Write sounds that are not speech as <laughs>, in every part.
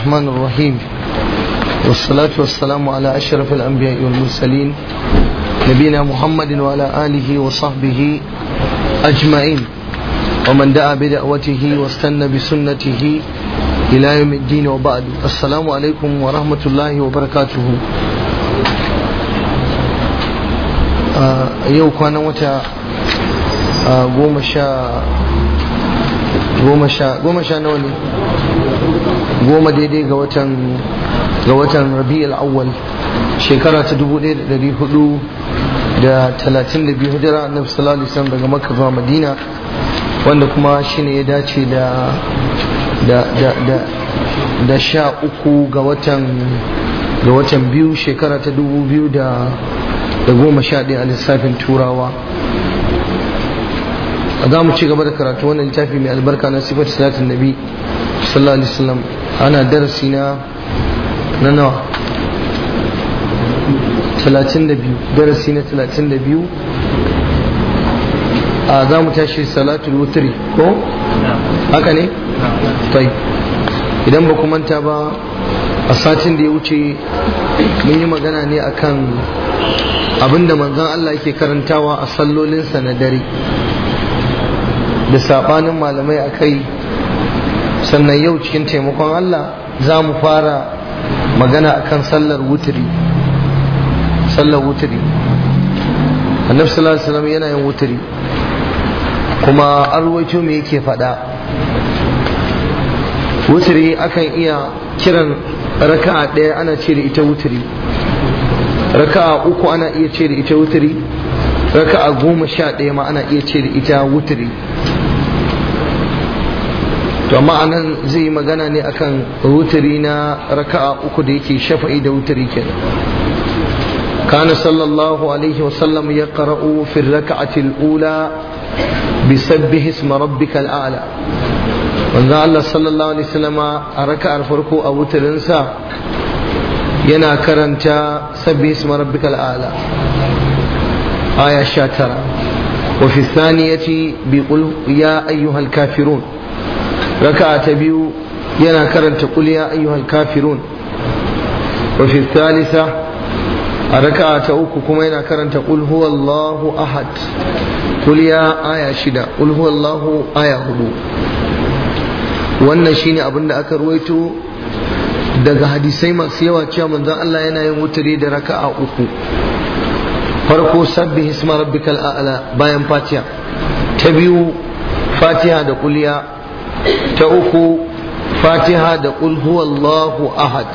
الرحمن الرحيم والصلاة والسلام على أشرف الأنبياء والمرسلين نبينا محمد وعلى آله وصحبه أجمعين ومن دعا بدعوته واستنى بسنته إلى يوم الدين وبعد السلام عليكم ورحمة الله وبركاته yau kwanan wata goma sha nawa ne goma daidai ga watan ga watan rabi'ul awwal shekara ta 1400 da 32 hijira annabi sallallahu alaihi wasallam daga makka zuwa madina wanda kuma shi ne ya dace da da da da da sha uku ga watan ga watan biyu shekara ta dubu biyu da da goma sha ɗaya a lissafin turawa za mu ci gaba da karatu wannan littafi mai albarka na sifar salatin nabi sallallahu alaihi wasallam ana darasi na na nawa 32 darasi na 32 a za mu tashi salatul wutri ko haka ne tai idan ba manta ba a satin da ya wuce mun yi magana ne akan abinda manzon Allah yake karantawa a sallolinsa na dare da sabanin malamai a kai. sannan yau cikin taimakon Allah za mu fara magana akan sallar wuturi. sallar wuturi annabi sallallahu alaihi yana yin kuma an ruwaito me yake faɗa Wuturi akan iya kiran raka'a ɗaya ana ce da ita wuturi, raka'a uku ana iya ce da ita wuturi, raka'a goma sha ɗaya ma ana iya ce da ita wuturi. to amma zai yi magana ne akan wuturi na raka'a uku da yake shafa'i da wuturi kenan kana sallallahu alaihi wasallam ya qara'u fi raka'ati al-ula bisabbih isma rabbikal a'la manzo Allah sallallahu alaihi wasallam a raka'ar farko a wuturin sa yana karanta sabbih isma rabbikal a'la aya 19 وفي الثانية بقل يا أيها الكافرون raka'a ta biyu yana karanta qul ya ayyuhal kafirun wa a raka'a ta uku kuma yana karanta qul huwallahu ahad qul aya shida qul huwallahu aya hudu wannan shine abin da aka ruwaito daga hadisai masu yawa cewa manzon Allah yana yin wutare da raka'a uku farko sabbi hisma rabbikal a'la bayan fatiha ta biyu fatiha da kuliya ta uku fatiha da qul huwallahu ahad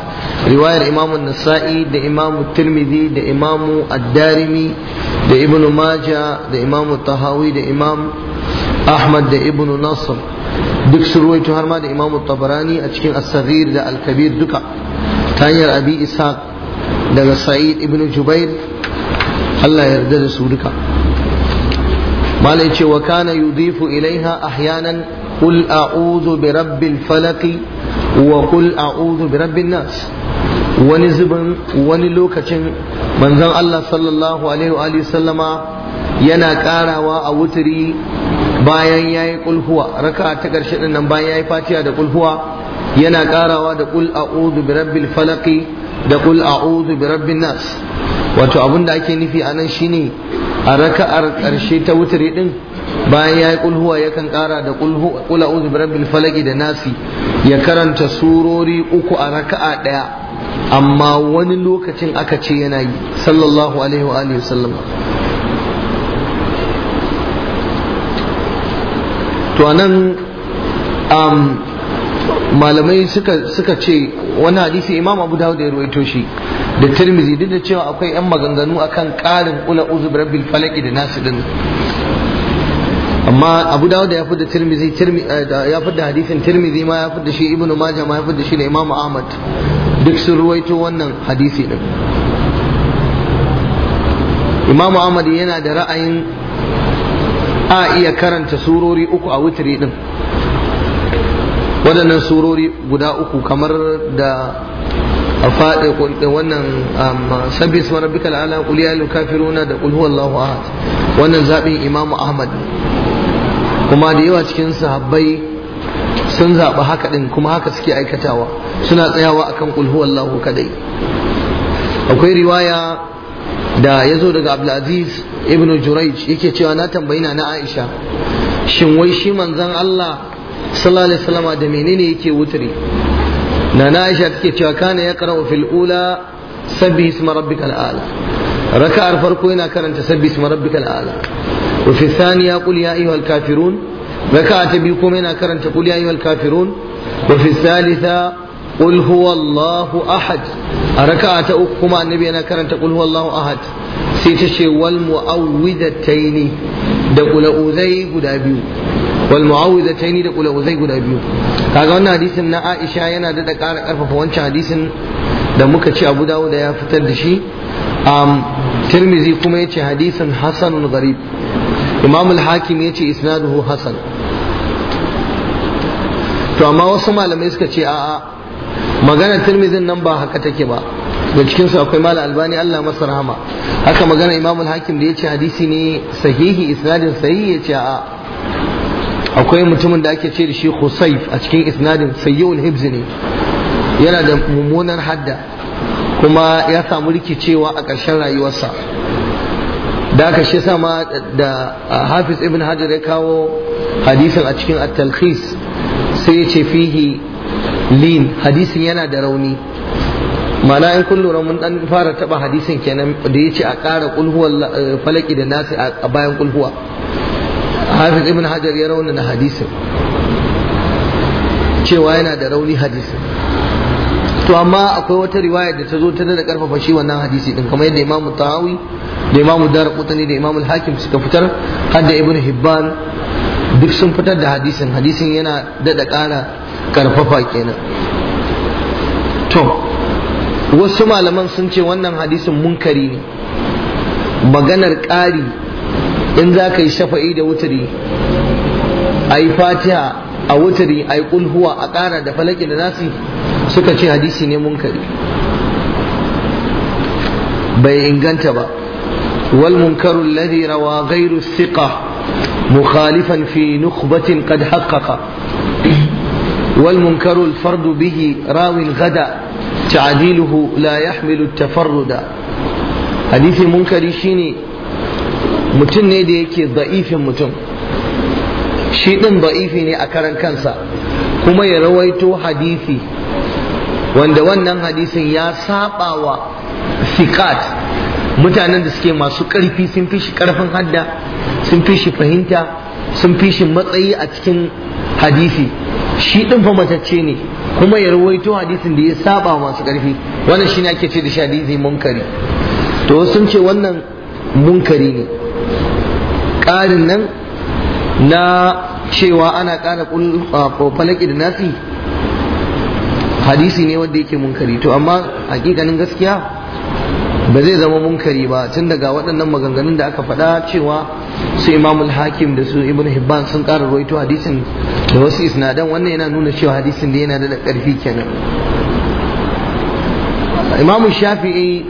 riwayar imam nasai da imam tirmidhi da imam ad da ibn Maja da imam tahawi da imam ahmad da ibn nasr duk sun ruwaito har ma da imam tabarani a cikin as da Alkabir duka ta hanyar abi isa daga sa'id ibn jubair Allah yarda da su duka malai ce wa kana yudifu ilaiha ahyanan قل أعوذ برب الفلق وقل أعوذ برب الناس wani zubin wani lokacin manzon Allah sallallahu alaihi wa sallama yana karawa a wuturi bayan ya yi kulhuwa raka ta ƙarshe ɗin nan bayan ya yi fatiya da kulhuwa yana karawa da kul a'udhu bi rabbil falaqi da kul a'udhu bi rabbin nas wato abin da ake nufi anan shine a raka'ar karshe ta wuturi din? bayan ya yi kulhuwa kan kara da kula uzu birabbil falaki da nasi ya karanta surori uku a raka'a daya amma wani lokacin aka ce yana yi sallallahu alaihi wa alihi wasallam to anan um, malamai suka suka ce wani hadisi imam abu dawud ya ruwaito shi da tirmizi duk da cewa akwai yan maganganu akan karin kula uzu birabbil falaki da nasi din amma abu eh, da ya fi da tirmizi ya fi da hadisin tirmizi ma ya fi da shi ibnu maja ma ya fi da shi da imamu ahmad duk sun ruwaito wannan hadisi din imamu ahmad yana da ra'ayin a iya karanta surori uku a wutiri din waɗannan surori guda uku kamar da a faɗi wannan um, sabbin su marabbika la'ala kuliya kafiruna da kulhu Allahu ahad wannan zaɓin imamu ahmad kuma da yawa cikin sahabbai sun zaɓi haka ɗin kuma haka suke aikatawa suna tsayawa akan kan lahu kadai akwai riwaya da ya zo daga abdulaziz ibn juraij yake cewa na tambayi na aisha shin wai shi manzan allah sallallahu alaihi da menene yake wuturi na aisha take cewa kana ya qara'u fil ula sabbi isma rabbikal a'la raka'ar farko yana karanta sabbi isma rabbikal a'la wa fi thaniya qul ya ayyuhal kafirun raka'a ta biyu kuma yana karanta qul ya ayyuhal kafirun wa fi thalitha qul huwallahu ahad a raka'a ta uku kuma annabi yana karanta qul huwallahu ahad sai ta ce wal mu'awwidataini da qula'uzai guda biyu wal mu'awwidataini guda biyu kaga wannan hadisin na Aisha yana da ƙara ƙarfafa wancan hadisin da muka ce Abu da ya fitar da shi um, kuma yace hadisin hasanun imam al-hakim ya ce isnaduhu hasan to amma wasu malamai suka ce a'a magana tirmidhin nan ba haka take ba da cikin su akwai malam albani Allah masa rahama haka magana imam hakim da ya ce hadisi ne sahihi isnadin sahihi ya ce a'a akwai mutumin da ake ce da shi Husayf a cikin isnadin sayyul hibzi ne yana da mummunar hadda kuma ya samu rikicewa a ƙarshen rayuwarsa da aka shi sama da hafiz ibn hajar ya kawo hadisin a cikin at-talkhis sai ya ce fihi lin hadisin yana da rauni mana in kun lura mun dan fara taba hadisin kenan da ya ce a ƙara kulhuwar eh, falaki da nasi a bayan kulhuwa hafiz ibn hajar ya rauni na hadisin cewa yana da rauni hadisin to amma akwai wata riwaya da ta zo ta da karfafa shi wannan hadisi din kamar yadda imamu tahawi da imamu darqutani da imamu hakim suka fitar har da ibnu hibban duk sun fitar da hadisin hadisin yana dada kara karfafa kenan to wasu malaman sun ce wannan hadisin munkari ne maganar ƙari in za ka yi shafa'i da wutari a yi fatiha a wuturi a yi kulhuwa a ƙara da falaki da nasi suka ce hadisi ne munkari bai inganta ba wal munkaru alladhi rawa ghairu thiqa mukhalifan fi nukhbatin qad haqqaqa wal munkaru al fardu bihi rawin gada ta'diluhu la yahmilu tafarruda hadisi munkari shine mutum ne da yake da'ifin mutum shi ɗin ba'ifi ne a karan kansa kuma ya rawaito hadisi wanda wannan hadisin ya saba wa sikat mutanen da suke masu ƙarfi sun fi shi ƙarfin hadda sun fi shi fahimta sun fi shi matsayi a cikin hadisi shi ɗin fa matacce ne kuma ya rawaito hadisin da ya saba masu ƙarfi wannan shi ne ake ce da shi hadisi munkari to sun ce wannan munkari ne ƙarin nan na cewa ana ƙara falaki da nasi hadisi ne wanda yake munkari to amma hakikanin gaskiya ba zai zama munkari ba tun daga waɗannan maganganun da aka faɗa cewa su imamul hakim da su ibn hibban sun ƙara roito hadisin da wasu isnadan wannan yana nuna cewa hadisin da yana da ƙarfi kenan imamu shafi'i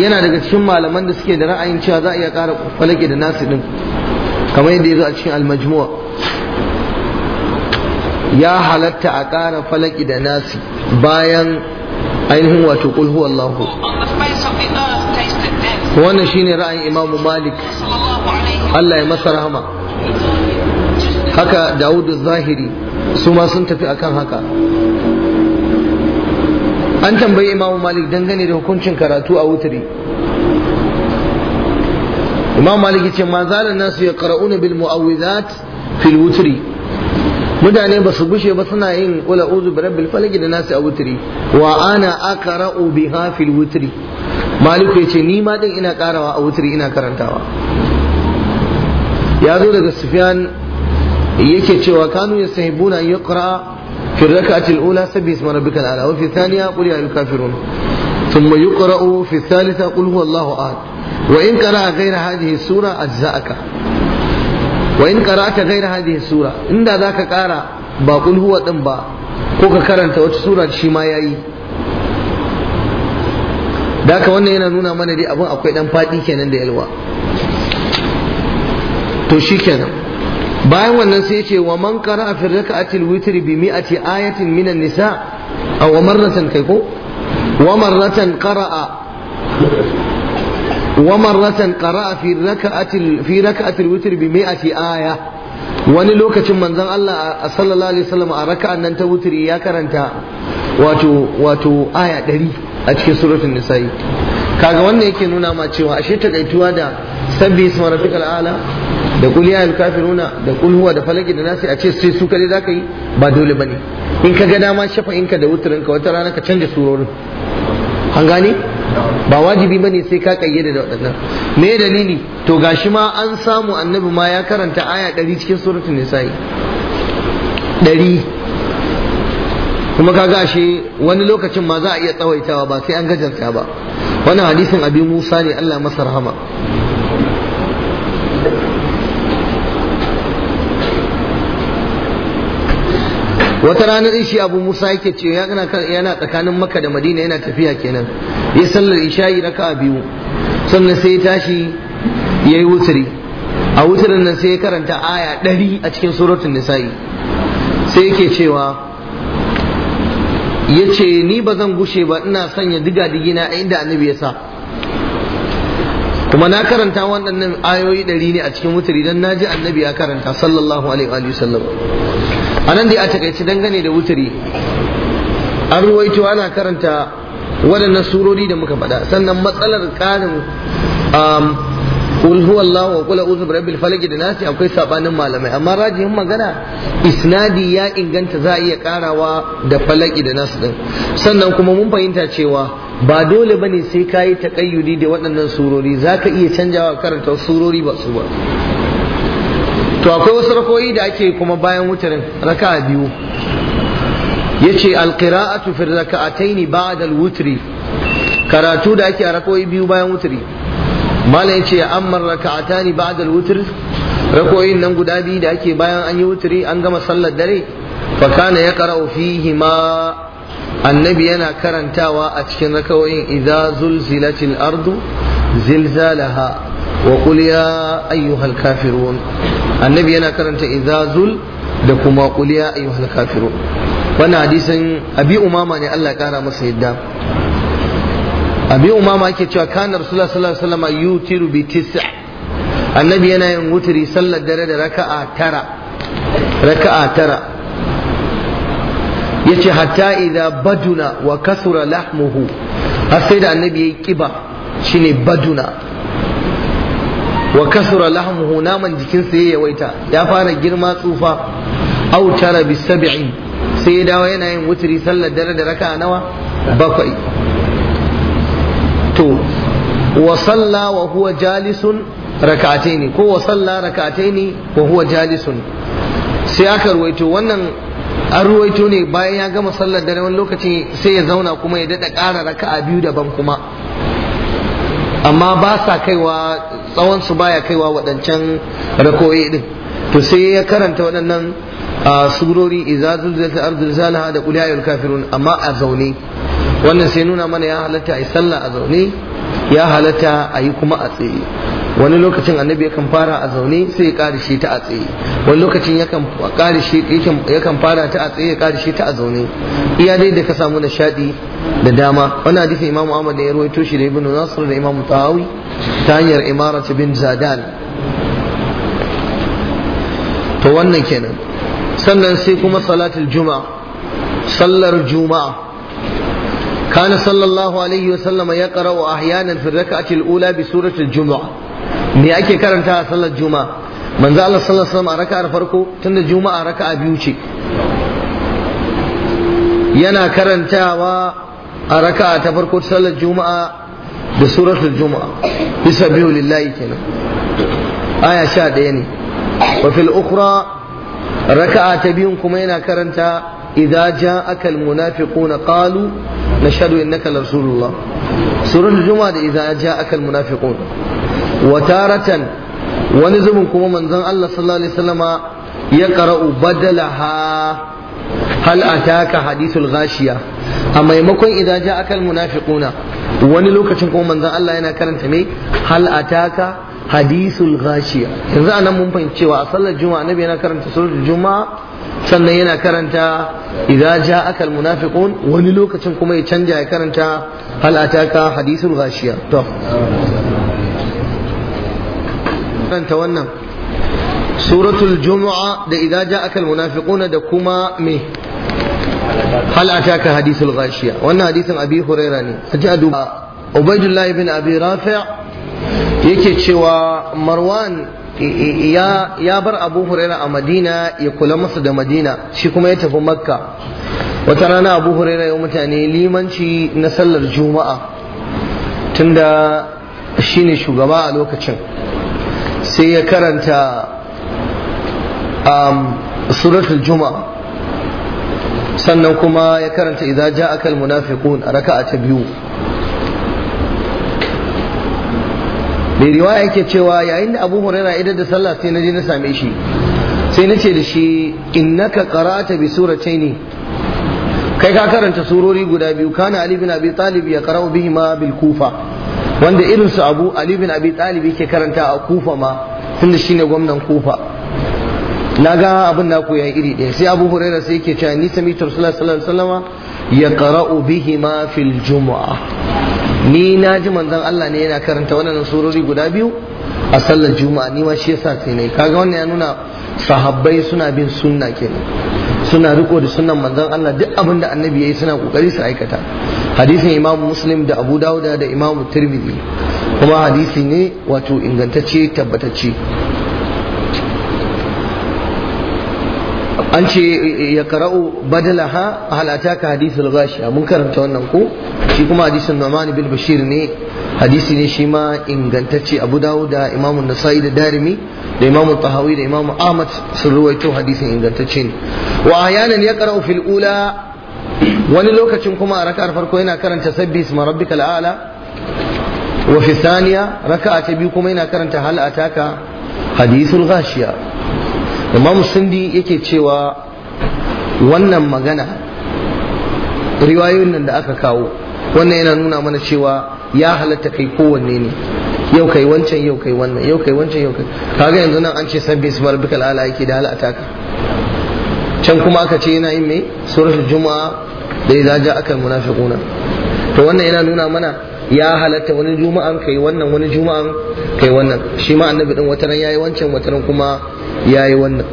yana daga cikin malaman da suke da ra'ayin cewa za a iya ƙara falake da nasi din kamar yadda ya zo a cikin almajmuwa ya halatta a ƙara falaki da nasi bayan ainihin wato kul huwallahu wannan shine ra'ayin imamu malik Allah ya masa rahama haka dawudu zahiri su ma sun tafi akan haka an tambayi imamu malik dangane da hukuncin karatu a wuturi imam maliki ce ma da nasu ya qara'una bil mu'awwidat fil wutri mutane ba su gushe ba suna yin qul a'udhu bi rabbil falaq da nasu a wutri wa ana aqra'u biha fil wutri Maliki ce ni ma din ina karawa a wutri ina karantawa ya zo daga sufyan yake cewa kanu yasahibuna an yuqra fi rak'ati al-ula sabbi isma rabbikal a'la wa fi thaniya qul ya al-kafirun ثم يقرأ في الثالثة قل هو wa in kara a gaira hadhihi sura aka, wa in kara ta gaira hadhihi sura inda za ka kara ba kul huwa din ba ko ka karanta wata sura da shi ma ya yayi daka wannan yana nuna mana dai abin akwai dan fadi kenan da yalwa to shi kenan. bayan wannan sai ce wa man kara a ka fi rak'atil witri bi ce ayatin minan nisa a aw marratan kai ko wa kara a. ومرة قرأ في ركعة في ركعة الوتر بمئة آية wani lokacin manzon Allah a sallallahu alaihi wasallam a raka'an nan ta wutri ya karanta wato wato aya 100 a cikin suratul nisa'i kaga wannan yake nuna ma cewa ashe ta takaituwa da sabbi isma rabbikal ala da kul ya kafiruna da kul huwa da falaki da nasi a ce sai su kare zaka yi ba dole bane in ka ga dama shafa inka da wutrinka wata rana ka canja surorin an gane ba wajibi bane sai ka kayyade da waɗannan me dalili to gashi ma an samu annabi ma ya karanta aya ɗari cikin suratul nisa'i ɗari kuma kaga ashe wani lokacin ma za a iya tsawaitawa ba sai an gajarta ba wannan hadisin abi musa ne allah masa rahama wata rana din shi abu musa yake ce yana tsakanin maka da madina yana tafiya kenan ya sallar isha'i raka biyu sannan sai ya tashi ya yi wuturi a wuturin nan sai ya karanta aya ɗari a cikin suratun nisa'i sai yake cewa ya ce ni ba zan gushe ba ina sanya diga digina a inda annabi ya sa kuma na karanta waɗannan ayoyi ɗari ne a cikin wuturi don na ji annabi ya karanta sallallahu alaihi wa a nan dai a takaice dangane da wuturi an ruwaito ana karanta waɗannan surori da muka faɗa sannan matsalar ƙarin قل هو الله وقل اعوذ برب da nasi akwai sabanin malamai amma rajihin magana isnadi ya inganta za a iya karawa da falaki da nasu din sannan kuma mun fahimta cewa ba dole bane sai ka yi takayyudi da waɗannan surori za ka iya canjawa karanta surori ba su ba to akwai wasu rakoyi da ake kuma bayan wutarin raka biyu Ya yace alqira'atu fi raka'ataini ba'da al-wutri karatu da ake a rakoyi biyu bayan wutri malam yace amma raka'atani ba'da al-wutr rakoyin nan guda biyu da ake bayan an yi wutri an gama sallar dare fa kana yaqra'u fihi ma annabi yana karantawa a cikin rakawoyin idza zulzilatil ardu zilzalaha wa qul ya ayyuhal kafirun annabi yana karanta idza zul da kuma qul ya ayyuhal kafirun wannan hadisin abi umama ne Allah ya kara masa yadda abi umama yake cewa kana rasulullah sallallahu alaihi wasallam yutiru bi tis'a annabi yana yin wutiri sallar dare da raka'a tara raka'a tara ce hatta idza baduna wa kasura lahmuhu har sai da annabi yayi kiba shine baduna wa kasura lahmuhu naman jikinsa ya yawaita ya fara girma tsufa aw tara bi sab'in sai ya dawo yana yin wuturi sallar dare da raka nawa bakwai to wa salla wa huwa jalisun rak'ataini ko wa salla rak'ataini wa huwa jalisun sai aka ruwaito wannan an ruwaito ne bayan ya gama sallar dare wani lokaci sai ya zauna kuma ya daɗa ƙara raka'a biyu daban kuma amma ba sa kaiwa tsawon su baya kaiwa waɗancan rakoyi din to sai ya karanta waɗannan surori idza zulzilat al-ardu da qul ya kafirun amma a zaune wannan sai nuna mana ya halatta a sallah a zaune ya halatta a yi kuma a tsaye wani lokacin annabi yakan fara a zaune sai ya shi ta a tsaye wani lokacin yakan karishe yakan fara ta a tsaye ya shi ta a zaune iya dai da ka samu nishadi da dama wannan hadisin imamu ahmad da ya rawaito shi da ibnu nasr da imamu tahawi ta hanyar imarat bin zadan to wannan kenan sannan sai kuma salatul juma'a sallar juma'a كان wa الله عليه وسلم يقرأ أحيانا في ula bi suratul الجمعة me ake karanta a sallar juma'a manzo Allah sallallahu alaihi wasallam a raka'ar farko tunda juma'a raka'a biyu ce yana karantawa a raka'a ta farko ta sallar juma'a da suratul juma'a bisa biyu lillahi kenan aya sha ɗaya ne wa fil ukhra raka'a ta biyun kuma yana karanta idza ja'aka al munafiquna qalu nashhadu innaka rasulullah suratul juma'a da idza ja'aka al munafiquna wa taratan wani zubin kuma manzon Allah sallallahu alaihi ya karau badala hal ataka hadithul ghashiya a maimakon idza ja'aka al munafiquna wani lokacin kuma manzon Allah yana karanta me hal ataka hadithul ghashiya yanzu anan mun fahimci cewa a sallar juma'a annabi yana karanta juma'a sannan yana karanta idza ja'aka al munafiqun wani lokacin kuma ya canja ya karanta hal ataka hadithul ghashiya to karanta wannan suratul jumu'a da idza ja'aka almunafiquna da kuma me hal ataka hadithul ghashiya wannan hadisin abi huraira ne aje a duba ubaidullah ibn abi rafi' yake cewa marwan ya bar abu huraira a madina ya kula masa da madina shi kuma ya tafi makka wata rana abu huraira ya mutane limanci na sallar juma'a tunda shi ne shugaba a lokacin sai ya karanta um, suratul juma sannan kuma ya karanta idza ja'aka almunafiqun a raka'a ta biyu mai riwaya yake cewa yayin da Abu Hurairah idan da sallah sai na je na same shi sai nace da shi innaka qara'ata bi surataini kai ka karanta surori guda biyu kana Ali bin Abi Talib ya qara'u bihima bil Kufa wanda irin su abu ali bin abi talib yake karanta a kufa ma tunda shine gwamnan kufa na ga abin naku iri ɗaya sai abu Hurairah sai yake cewa ni sami rasulullah sallallahu alaihi wasallama ya qara'u bihi ma fil jumu'a ni na ji manzon Allah ne yana karanta wannan surori guda biyu a sallar juma'a ni ma shi yasa sai nayi kaga wannan ya nuna sahabbai suna bin sunna kenan suna riko da sunan manzon Allah duk abin da annabi ya yi suna kokari su aikata hadisin imamu muslim da abu dawuda da imamu tirmidhi kuma hadisi ne wato ingantacce tabbatacce an ce ya kara'u badalaha halata ka hadisul lagashiya mun karanta wannan ko shi kuma hadisin Mamani bin Bashir ne hadisi ne shi ma ingantacce Abu dawuda da Imam Nasa'i da Darimi da imamu tahawi da imamu ahmad sun ruwaito hadisin ingantacce ne wa ayanan ya karau fil ula wani lokacin kuma a raka'ar farko yana karanta sabbi isma rabbika al'ala wa fi saniya raka'a ta biyu kuma yana karanta hal ataka hadisul ghashiya imamu sindi yake cewa wannan magana riwayoyin nan da aka kawo wannan yana nuna mana cewa ya halatta kai kowanne ne yau kai wancan yau kai wannan yau kai wancan yau kai kaga yanzu nan an ce bi su bikal ala yake da halata ka can kuma aka ce yana yin mai suratul juma'a da idza ja'aka al munafiquna to wannan yana nuna mana ya halatta wani juma'an kai wannan wani juma'an kai wannan shi ma annabi din wataran yayi wancan wataran kuma yayi wannan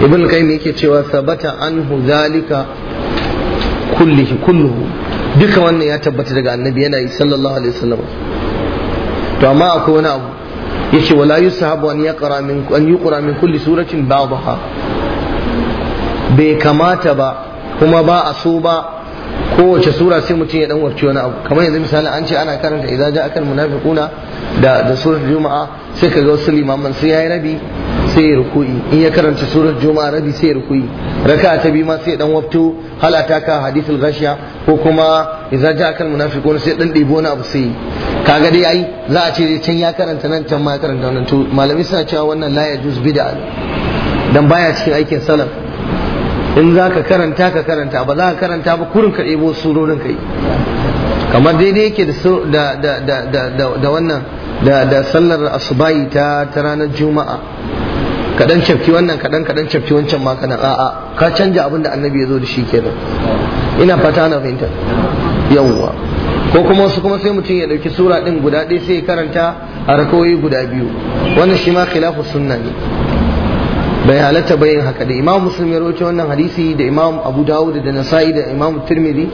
ibn qayyim yake cewa sabata anhu zalika kullihi kulluhu duka wannan ya tabbata daga annabi yana yi sallallahu alaihi wasallam to amma akwai wani abu yace wala yusahabu an yaqra min an yuqra min kulli suratin ba'daha bai kamata ba kuma ba a so ba kowace sura sai mutum ya dan warci wani abu kamar yanzu misali an ce ana karanta idan ja akal munafiquna da da surar juma'a sai kaga wasu limaman sai yayi rabi sai ya ruku'i in ya karanta surar juma'a rabi sai ya ruku'i raka'a ta biyu ma sai dan wafto halata ka hadithul ghashiya ko kuma idan ja akal munafiquna sai dan dibo wani abu sai kaga dai ai za a ce can ya karanta nan can ma ya karanta wannan to malami suna cewa wannan la juz bid'a dan baya cikin aikin salaf in za ka karanta ka karanta ba za ka karanta ba kurin ka ɗebo surorin ka yi kamar daidai yake da wannan da sallar asubai ta ranar juma'a kaɗan cafki wannan kaɗan kaɗan cafki wancan ma kana a'a ka canja abin da annabi ya zo da shi kenan ina fata ana fahimta yawwa ko kuma wasu kuma sai mutum ya ɗauki sura ɗin guda ɗaya sai ya karanta a rakoyi guda biyu wannan shi ma khilafu sunna ne bai halarta ba haka da imam muslim ya rawaito wannan hadisi da imam abu dawud da nasa'i da imam tirmidhi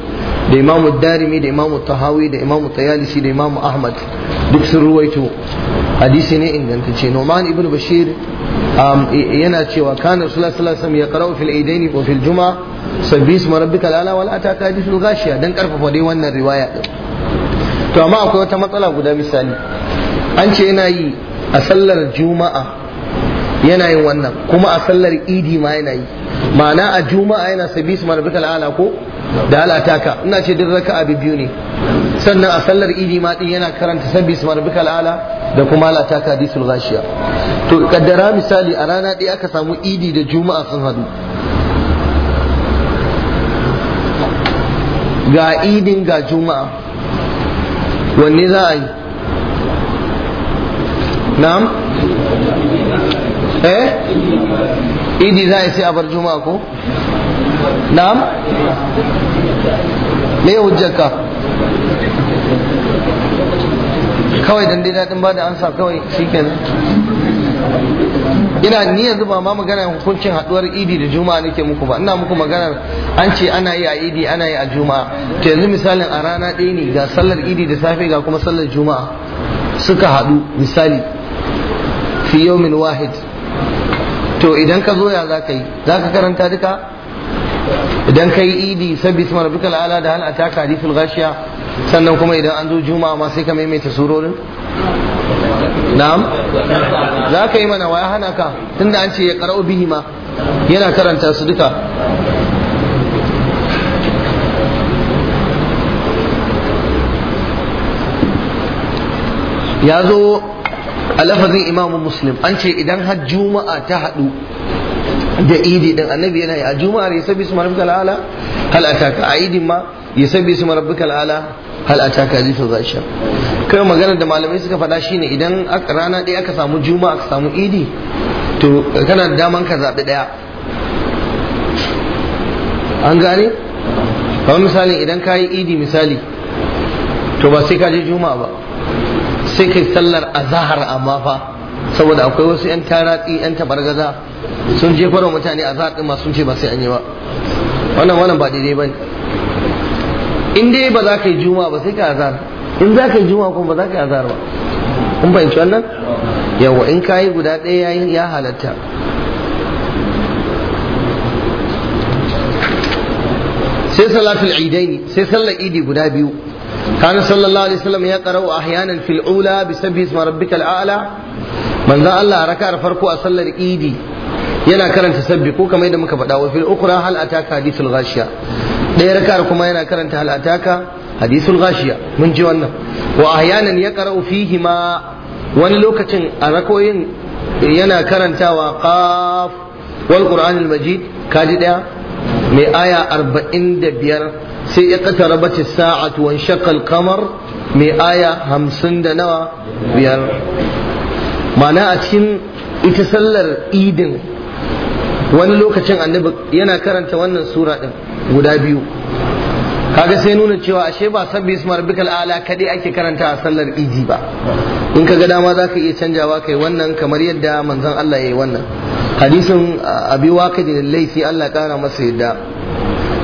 da imam darimi da imam tahawi da imam tayalisi da imam ahmad duk sun ruwaito hadisi ne ingantacce noman ibn bashir um, yana cewa kana rasulullah sallallahu alaihi wasallam ya qara'u fil aidaini wa fil juma'a sabbi isma rabbika walata wal ataka hadithul ghashiya dan karfafa dai wannan riwaya din to amma akwai wata matsala guda misali an ce yana yi a sallar juma'a yana yin wannan kuma a sallar idi ma yana yi ma'ana a juma'a yana sabi su marabbika ala ko da alataka ina ce duk abin biyu ne sannan a sallar idi ma din yana karanta sabi su marabbika ala da kuma alataka hadisul ghashiya to kaddara misali a rana ɗaya aka samu idi da juma'a sun hadu ga idin ga juma'a wanne za a yi na'am eh idi za a yi sai a bar juma'a ko na'am me hujjarka kawai dan dai ba da ansa kawai shikenan ina ni yanzu ba ma magana hukuncin haɗuwar idi da juma'a nake muku ba ina muku maganar an ce ana yi a idi ana yi a juma'a to yanzu misalin a rana ɗaya ne ga sallar idi da safe ga kuma sallar juma'a suka haɗu misali fi yawmin wahid to idan ka zo ya za ka yi za ka karanta duka idan ka yi idi sabbi su marabbika ala da hana ta taka hadithul gashiya sannan kuma idan an zo juma'a ma sai ka maimaita surorin na'am za ka yi mana waya hana ka tunda an ce ya karau bihi ma yana karanta su duka ya zo a lafazin imamu muslim an ce idan har juma'a ta haɗu da idi din annabi yana yi a juma'ar ya sabi su marabbi kal'ala hal ataka a idin ma ya sabi su marabbi kal'ala hal ataka zai zaisha kai magana da malamai suka faɗa shine idan rana ɗaya aka samu juma'a aka samu idi to kana da daman ka zaɓi ɗaya an gane kamar misali idan ka yi idi misali to ba sai ka je juma'a ba sai kai sallar azahar amma fa saboda akwai wasu 'yan taratsi 'yan tabargaza sun jefar wa mutane a ma masu ce ba sai an yi ba wannan wannan ba daidai ba ne in dai ba za ka yi juma ba sai ka azahar in za ka yi juma kuma ba za ka yi azahar ba kun fahimci wannan yawa in ka yi guda ɗaya ya halatta sai salatul idaini sai sallar idi guda biyu كان صلى الله عليه وسلم يقرأ أحيانا في الأولى بسبح اسم ربك الأعلى من ذا الله ركع فركو أصلى الإيدي ينا كرن تسبحوا كما إذا وفي هل حديث ɗaya rakar kuma yana karanta hal'ataka hadisul gashiya mun ji wannan wa ahyanan ya ma wani lokacin a rakoyin yana karantawa qaf wal al majid kaji daya mai aya 45 sai ya ƙatara bace sa'a tuwon shakal kamar mai aya hamsin da nawa biyar mana a cikin ita sallar idin wani lokacin annabi yana karanta wannan sura din guda biyu kaga sai nuna cewa ashe ba sabbi ismar bikal ala kadai ake karanta a sallar idi ba in ka ga dama za ka iya canjawa kai wannan kamar yadda manzon Allah ya yi wannan hadisin uh, abi waqidi laifi Allah kara masa yadda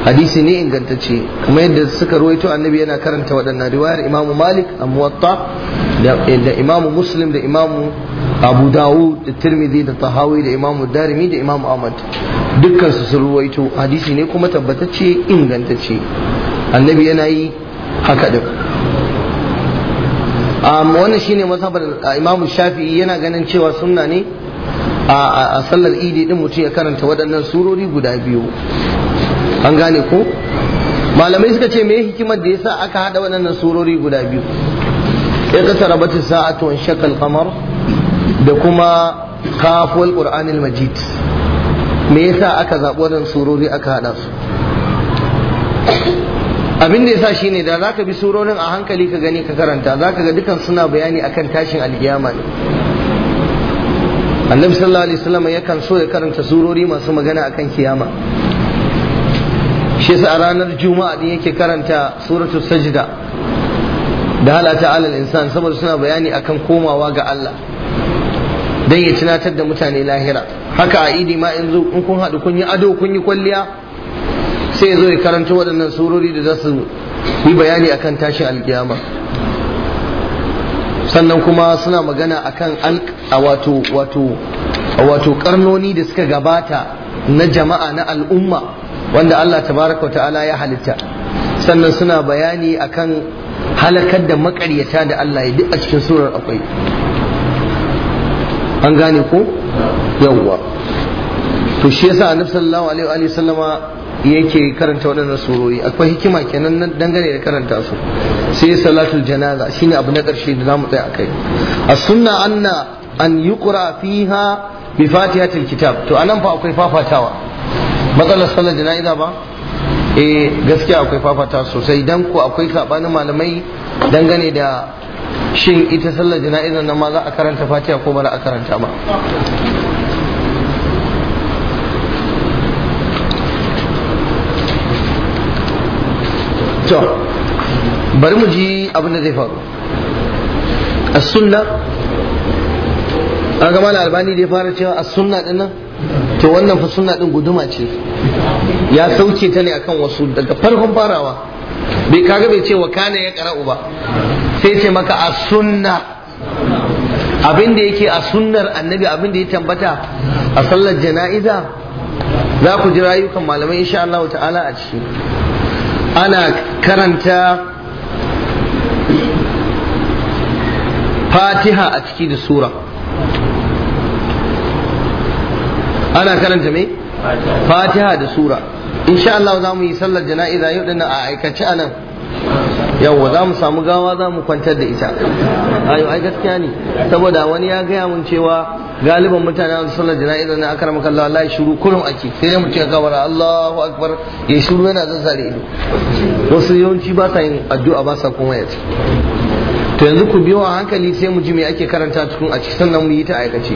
hadisi ne ingantacce kuma yadda suka ruwaito annabi yana karanta waɗannan riwayar imamu malik a muwatta da imamu muslim da imamu abu dawu da tirmidhi da tahawi da imamu darimi da imamu ahmad dukkan su sun ruwaito hadisi ne kuma tabbatacce ingantacce annabi yana yi haka din wannan shine masabar imamu shafi'i yana ganin cewa sunna ne a sallar idi din mutum ya karanta waɗannan surori guda biyu an gane ko malamai suka ce me hikimar da yasa aka hada waɗannan surori guda biyu ya kasara bata sa'atu wa shakal qamar da kuma kaful qur'anil majid me yasa aka zaɓo waɗannan surori aka hada su abin da yasa shine da zaka bi surorin a hankali ka gani ka karanta zaka ga dukan suna bayani akan tashin alkiyama ne annabi sallallahu alaihi wasallam yakan so ya karanta surori masu magana akan kiyama shi yasa a ranar juma'a din yake karanta suratu sajda da halata alal insan saboda suna bayani akan komawa ga Allah dan ya tunatar da mutane lahira haka a idi ma in zo in kun haɗu kun yi ado kun yi kwalliya sai zo ya karanta waɗannan surori da za su yi bayani akan tashin alkiyama sannan kuma suna magana akan an wato wato wato karnoni da suka gabata na jama'a na al'umma wanda Allah tabaraka wa ta'ala ya halitta sannan suna bayani akan halakar da makaryata da Allah ya duk a cikin surar akwai an gane ko yawwa to shi yasa annabi sallallahu alaihi wa sallama yake karanta waɗannan surori akwai hikima kenan dangane da karanta su sai salatul janaza shine abu na ƙarshe da zamu tsaya akai as-sunna anna an yuqra fiha bi fatihatil kitab to anan fa akwai fafatawa matsalar sallar jana'iza ba e gaskiya akwai fafata sosai dan ko akwai sabanin malamai dangane da shin ita sallar jana'izar nan ma za a karanta fatiha ko ba za a karanta ba to bari mu ji abin da zai faru as-sunna an ga albani da ya fara cewa a sunna dinnan to wannan fa suna din guduma ce ya sauke ta ne akan wasu daga farkon farawa bai kaga bai ce wa kana ya qara'u ba sai ce maka a sunna abin da yake a sunnar annabi abin da ya tambata a sallar jana'iza za ku ji rayukan malamai insha Allah ta'ala a ciki ana karanta fatiha a ciki da sura ana karanta me fatiha da sura insha Allah za mu yi sallar jana'iza yau dinnan a aikace a nan yawwa za mu samu gawa za mu kwantar da ita ayo ai gaskiya ne saboda wani ya gaya mun cewa galiban mutane a sallar jana'iza na akara maka Allah wallahi shiru kullum ake sai mu ce kabara Allahu akbar ya shiru yana zazzare ido wasu yawanci ba sa yin addu'a ba sa kuma ci to yanzu ku biyo a hankali sai mu ji me ake karanta cikin a cikin sannan mu yi ta aikace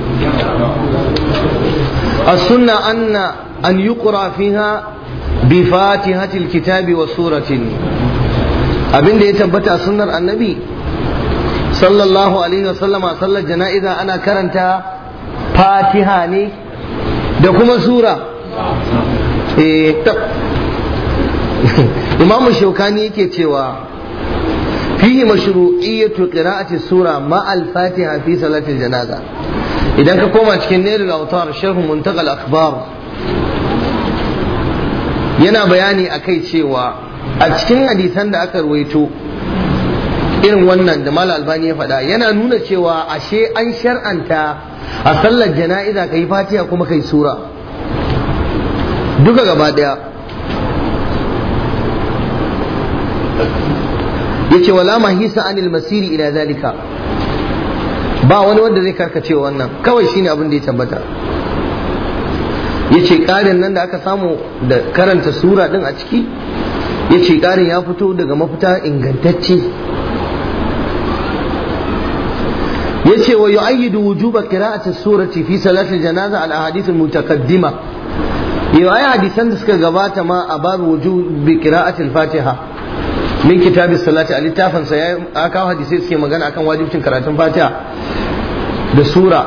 السنة أن أن يقرأ فيها بفاتحة الكتاب وسورة أبن دي تبتع سنة النبي صلى الله عليه وسلم صلى الجنائز أنا كرنت فاتحة ني دكما سورة إيه إمام الشوكاني كي تيوا فيه مشروعية قراءة السورة مع الفاتحة في صلاة الجنازة idan ka koma cikin nailul autar sharh muntakal akbar yana bayani a kai cewa a cikin hadisan da aka ruwaito irin wannan da mala albani ya faɗa yana nuna cewa ashe an shar'anta a sallar jana'iza ka yi fatiha kuma kai sura duka gaba ɗaya ya ce wala mahisa anil masiri ila zalika ba wani wanda zai karkace wannan kawai shine abin da ya tabbata yace karin nan da aka samu da karanta sura din a ciki yace karin ya fito daga mafita ingantacce yace wa yu'ayyidu wujuba qira'ati surati fi salati janaza al ahadith al mutaqaddima yau hadisan da suka gabata ma a babu wujubi qira'ati al fatiha min kitabis salati a littafinsa sa ya kawo hadisai suke magana akan wajibcin karatun fatiha da sura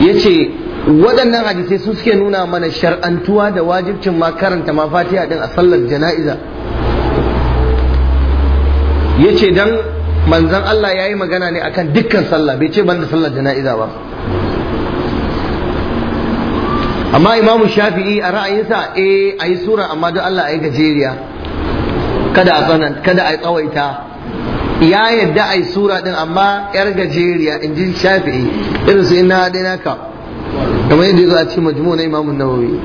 ya ce waɗannan hadisai su suke nuna mana shar'antuwa da wajibcin ma karanta ma fatiha din a sallar jana'iza ce don manzan Allah ya yi magana ne akan dukkan sallah bai ce ban da sallar jana'iza ba amma imamu shafi'i a ra'ayinsa eh ayi sura amma don Allah a yi gajeriya kada a tsanan kada a tsawaita ya yadda a yi sura din amma yar gajeriya in ji shafi'i irin su inna hadaina ka kamar yadda zo a cikin majmu na imamu nawawi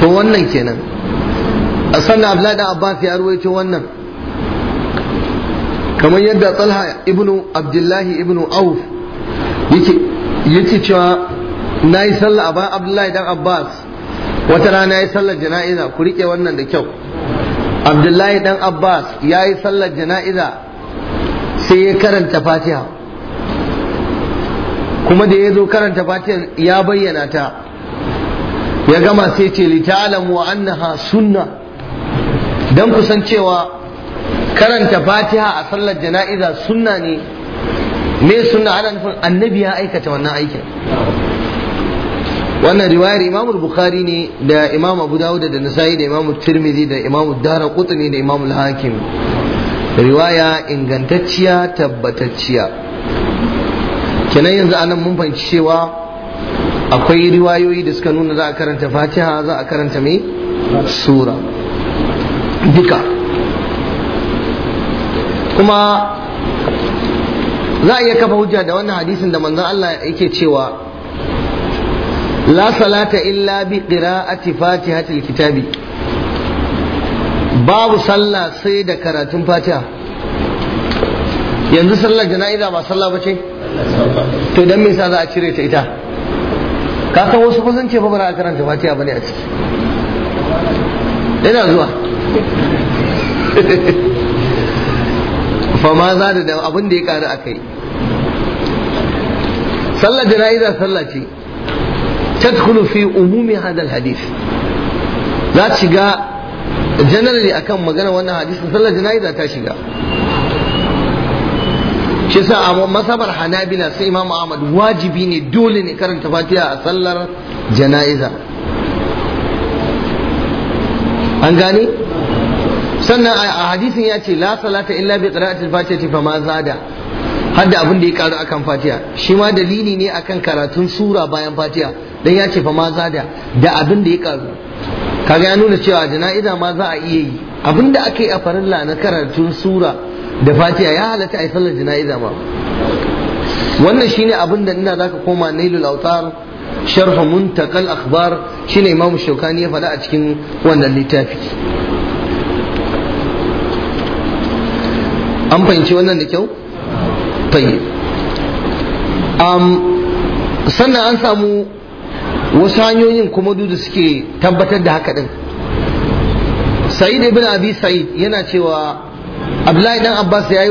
to wannan kenan a sannan abdullahi da abbas ya ruwaito wannan kamar yadda talha ibnu abdullahi ibnu auf yake yace cewa na yi sallah a bayan abdullahi dan abbas wata rana ya yi sallar jana'iza ku riƙe wannan da kyau abdullahi dan abbas ya yi sallar jana'iza sai ya karanta fatiha kuma da ya zo karanta Fatiha ya bayyana ta ya gama sai ce lita'alamu annaha sunna dan kusan cewa karanta fatiha a sallar jana'iza sunna ne me sunna ana nufin annabi ya aikata wannan aikin wannan riwayar imamul bukhari ne da imam abu dawud da nasa'i da imam tirmidhi da imam dara qutni da imam hakim riwaya ingantacciya tabbatacciya kenan yanzu anan mun fahimci cewa akwai riwayoyi da suka nuna za a karanta fatiha za a karanta mai sura duka kuma za a iya kafa hujja da wannan hadisin da manzon Allah yake cewa la salata illa bi qira'ati fatihatil kitabi babu sallah sai da karatun fatiha yanzu sallar jana'iza ba sallah ba ce to dan me sa za a cire ta ita ka san wasu ba zan ce ba bara a karanta fatiha bane a ciki ina zuwa fa ma za da abin da ya karu a kai sallar jana'iza sallah ce تدخل في أموم هذا الحديث لا شقاء generally akan magana wannan hadisin sallar jana'iza ta shiga shi a masabar hanabila sai imam ahmad wajibi ne dole ne karanta fatiha a sallar jana'iza an gane sannan a hadisin ya ce la salata illa bi qira'atil fatihati fa ma zada hadda abin da ya karu akan fatiha shi ma dalili ne akan karatun sura bayan fatiha dan ya ce fa ma za da abin da ya karu kaga ya nuna cewa jana'iza ma za a iya yi abin da aka yi a farilla na karatun sura da fatiha ya halatta a yi sallar jana'iza ma wannan ne abin da ina ka koma nailul autar muntakal akbar akhbar ne imamu shaukani ya faɗa a cikin wannan littafi an fahimci wannan da kyau sannan an samu wasu hanyoyin kuma suke tabbatar da haka din sa'id ibn abi sa'id yana cewa abdullahi dan abbas ya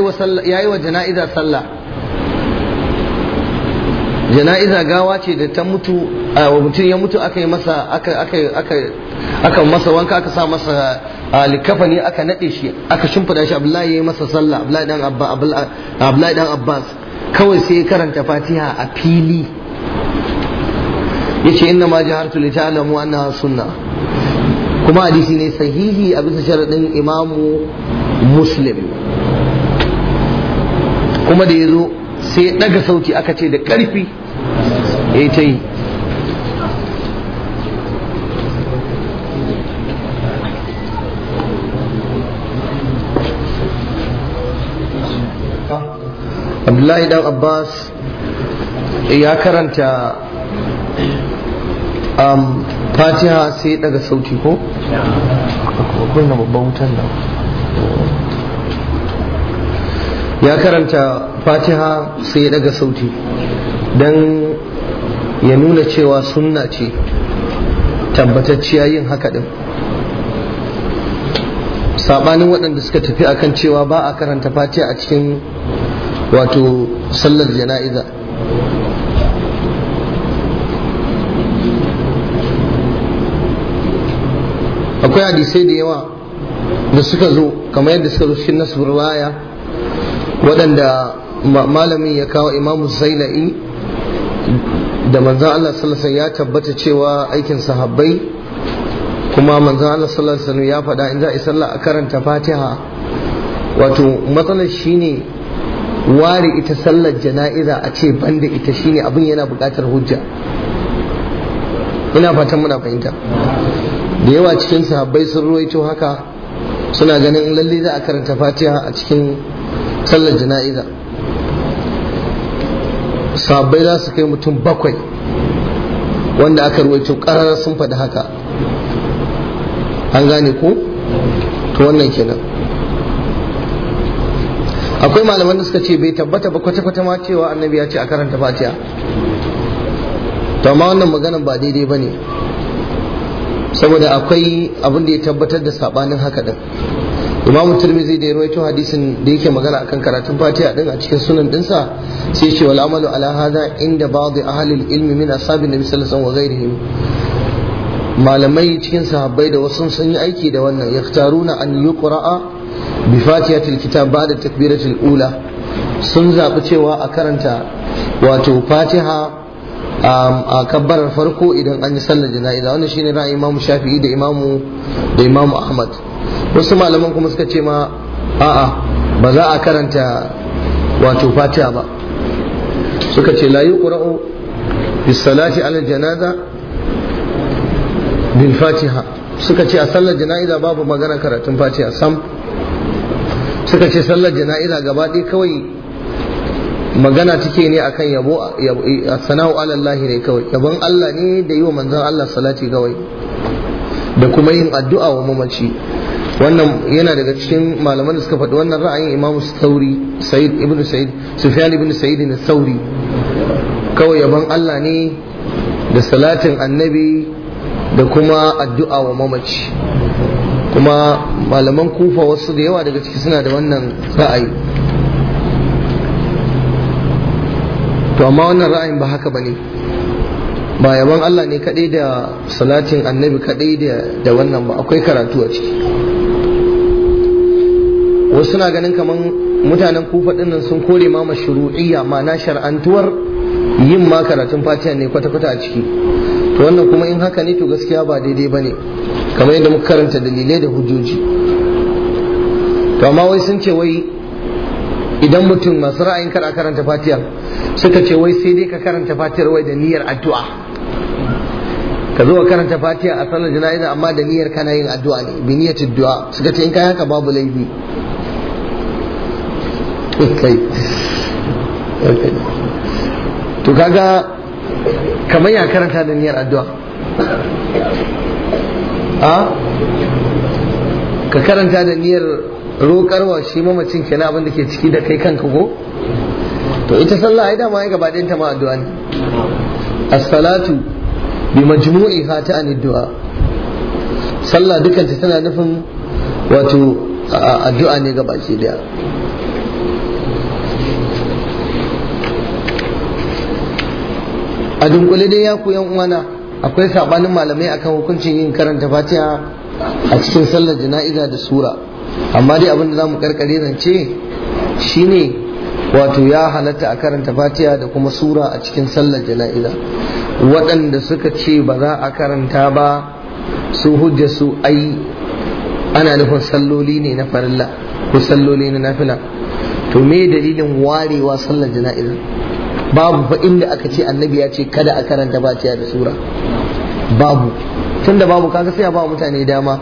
yi wa jana'iza sallah jana'iza gawa ce da ta mutu a mutum ya mutu aka yi masa aka masa wanka aka sa masa alikafani aka nade shi aka shimfida shi abdullahi ya yi masa sallah abdullahi dan abbas kawai sai ya karanta fatiha a fili yace inna ma jahartu li ta'lamu annaha sunna kuma hadisi ne sahihi a bisa sharadin imamu muslim kuma da ya zo sai ya ɗaga sauti aka ce da karfi. ya eh, ta yi abdullahi dan abbas eh, ya karanta um, fatiha sai daga sauti ko? akwai na babban wutan nan ya karanta fatiha sai daga sauti Dan ya nuna cewa sunna ce tabbatacciya yin haka din sabanin waɗanda suka tafi akan cewa ba a karanta fatiha a cikin wato sallar jana'iza akwai hadisai da yawa da suka zo kamar yadda suka zo cikin nasu waya waɗanda Malami ya kawo imamu zaina'i da manzan Allah sallallahu ya tabbata cewa aikin sahabbai kuma manzan Allah sallallahu ya faɗa in za a yi a karanta fatiha wato matsalar shine ware ita sallar jana'iza a ce banda ita shine abin yana buƙatar hujja ina fatan muna fahimta da yawa cikin sahabbai sun ruwaito haka suna ganin lalle za a karanta fatiha a cikin sallar jana'iza sabai za su kai mutum bakwai wanda aka ruwaito ƙararra sun faɗi haka an gane ko to wannan kenan akwai malaman da suka ce bai tabbata ba kwata-kwata ma cewa annabi ya ce a karanta fatiha to amma wannan maganan ba daidai ba ne saboda akwai abin da ya tabbatar da sabanin haka din imam tirmidhi da ya rawaito hadisin da yake magana akan karatun fatiha din a cikin sunan dinsa sai shi ce wal amalu ala hadha inda ba'd ahli ilmi min ashabin nabi sallallahu alaihi wa ghairihim malamai cikin sahabbai da wasu sun yi aiki da wannan yaktaruna an yuqra'a bi fatihatil kitab ba'da takbiratil ula sun zaɓi cewa a karanta wato fatiha um, a kabbarar farko idan an yi sallar jana'iza wannan shine ra'ayin Imam shafi'i da imamu da imamu ahmad wasu malaman kuma suka ce ma a'a ba za a karanta wato fatiha ba suka ce la yuqra'u bis salati ala janaza bil fatiha suka ce a sallar jana'iza babu magana karatun fatiha sam suka ce sallar jana'iza gaba ɗaya kawai magana take ne akan yabo a sana'u alallahi ne kawai yabon Allah ne da yi wa manzan Allah salati kawai da kuma yin addu'a wa mamaci wannan yana daga cikin malaman da suka faɗi wannan ra'ayin imamu sauri sa'id ibn sa'id sufyan ibn sa'id ne sauri kawai yaban Allah ne da salatin annabi da kuma addu'a wa mamaci kuma malaman kufa wasu da yawa daga ciki suna da wannan ra'ayi to amma wannan ra'ayin ba haka bane ba yaban Allah ne kaɗai da salatin annabi kaɗai da wannan ba akwai karatu a ciki wasu suna ganin kamar mutanen kufa dinnan sun kore ma mashru'iyya ma'ana shar'antuwar yin ma karatun fatiha ne kwata-kwata a ciki to wannan kuma in haka ne to gaskiya ba daidai bane kamar yadda muka karanta dalilai da hujjoji to amma wai sun ce wai idan mutum masu ra'ayin kada a karanta fatiyar suka ce wai sai dai ka karanta fatiyar wai da niyyar addu'a ka zo ka karanta fatiya a sallar jana'iza amma da niyyar kana yin addu'a ne bi niyyatid du'a suka ce in kai haka babu laifi kai to kaga kamar ya karanta da niyyar addu'a a ka karanta da niyyar roƙarwa shi mamacin kenan abin da ke ciki da kai kanka ko to ita sallah ai dama ai gaba ɗayan ta ma addu'a ne as-salatu bi majmu'i ta an addu'a sallah ta tana nufin wato addu'a ne gaba ki daya a dunkule dai ya koyan uwana akwai sabanin malamai akan hukuncin yin karanta fatiha a cikin sallar jana'iza da sura amma dai abin da mu karkare zance shine wato ya halatta a karanta fatiha da kuma sura a cikin sallar jana'iza waɗanda suka ce ba za a karanta ba su hujja su ai ana nufin salloli ne na farilla ko salloli na nafila to me dalilin warewa sallar jana'iza babu fa inda aka ce annabi ya ce kada a karanta fatiha da sura babu tunda babu kaga sai a ba mutane dama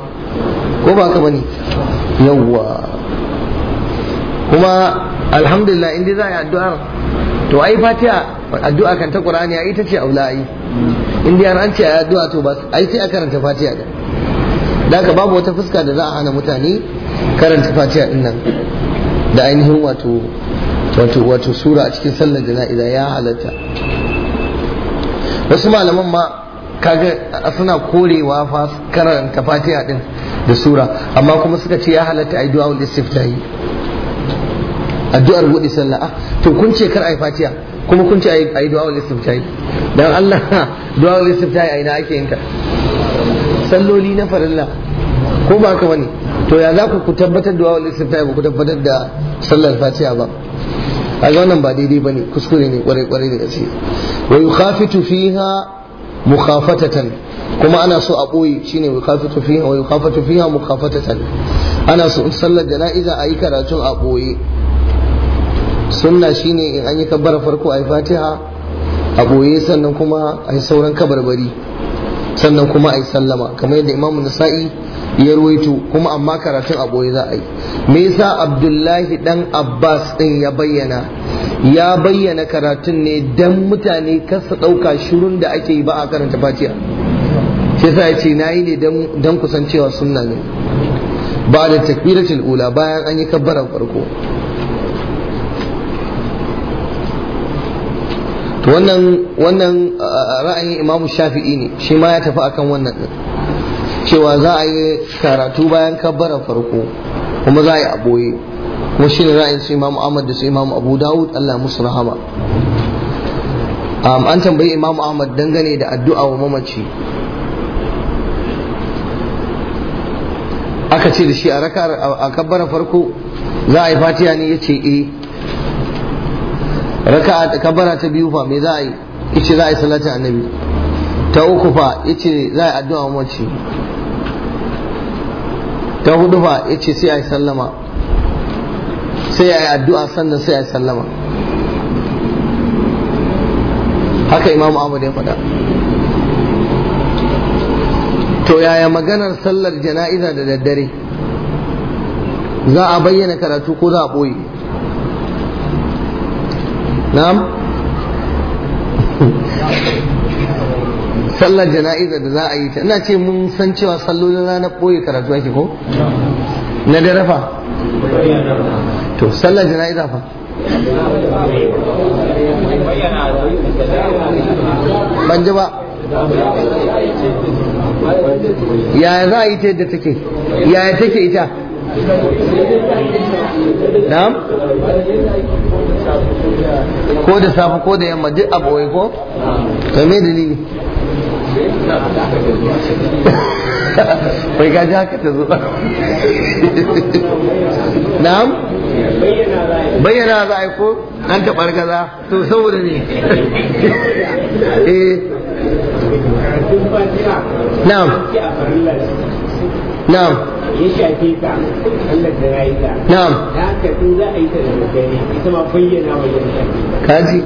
ko ba ka bane yawwa kuma alhamdulillah inda za a yi addu'ar to ai fatiha addu'a kan ta qur'ani ai ta ce aula'i inda yar an ce ai addu'a to ba ai sai a karanta fatiha da daga babu wata fuska da za a hana mutane karanta fatiha din nan da ainihin wato wato wato sura a cikin sallar jana'iza ya halatta wasu malaman ma kaga suna korewa fa karanta fatiha din da sura amma kuma suka ce ya halatta ai du'a wal istiftahi addu'ar buɗe sallah ah, to kun ce kar ai fatiha kuma kun ce ai du'a wal istiftahi dan Allah <laughs> du'a wal istiftahi ai na ake ka salloli na farilla ko ba ka bane to ya za ku tabbatar da wa'ul istiftahi ba ku tabbatar da sallar fatiha ba ga wannan ba daidai bane kuskure ne kwarai kwarai da gaske wa yukhafitu fiha mukhafatatan kuma ana so a boye shine yukhafitu fiha wa yukhafatu fiha mukhafatatan ana so in sallar jana'iza ayi karatun a boye sunna shine in an yi kabbara farko ayi fatiha a boye sannan kuma ayi sauran kabarbari sannan kuma ayi sallama kamar yadda imamu nasa'i ya ruwaito kuma amma karatun aboye za a yi me yasa abdullahi dan abbas din ya bayyana ya bayyana karatun ne dan mutane kasa dauka shirun da ake yi ba a karanta fatiha shi sa ya ce nayi ne dan kusancewa sunna ne ba da takbiratul ula bayan an yi kabbaran farko wannan ra'ayin imamu shafi'i ne shi ma ya tafi akan wannan din cewa za a yi karatu bayan kabbara farko kuma za a yi a boye kuma shi ne ra'ayin su imamu ahmad da su imamu abu dawud allah musu rahama an tambayi imamu ahmad dangane da addu'a wa mamaci aka ce da shi a rakar a kabbara farko za a yi fatiya ne ya ce eh raka kabbara ta biyu fa me za a yi ya ce za a yi salatin annabi ta uku fa ya ce za a yi addu'a wa mamaci ta hudu fa ya ce sai a yi sallama sai a yi addu'a sannan sai a yi sallama haka imamu ahmad ya faɗa to yaya maganar sallar jana'iza da daddare za a bayyana karatu ko za a ɓoye na'am <laughs> sallar jana'iza da za a yi ta ina ce mun san cewa sallolin rana ɓoye karatu ake ko na dare fa to sallar jana'iza fa ban ji ba yaya za a yi ta yadda take yaya take ita na'am ko da safe ko da yamma duk a ko to me dalili Wai gaji haka ta zuwa na'am bayyana za a yi ko an taɓa gaza to saboda ne eh na'am na'am ya shafe ka Allah da yayi ka na'am da haka in za a yi ta da gani ita ma bayyana wa yin kaji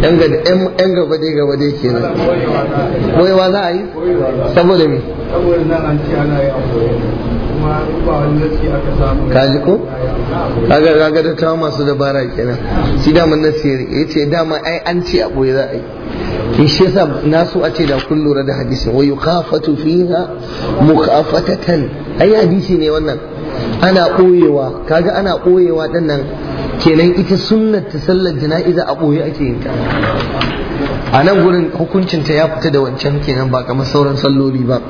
dan ga dan gaba dai gaba dai kenan koyewa za a yi saboda me saboda nan an ce ana yi abu kaji ko kaga kaga da ta masu dabara kenan shi da mun nasiri yace dama ai an ci abu boye za a yi shi yasa nasu a ce da kun lura da hadisin wa fiha ai hadisi ne wannan ana koyewa kaga ana koyewa din nan kenan ita sunnar ta sallar jana'iza a koye ake yin ta a nan gurin hukuncinta ya fita da wancan kenan ba kamar sauran salloli ba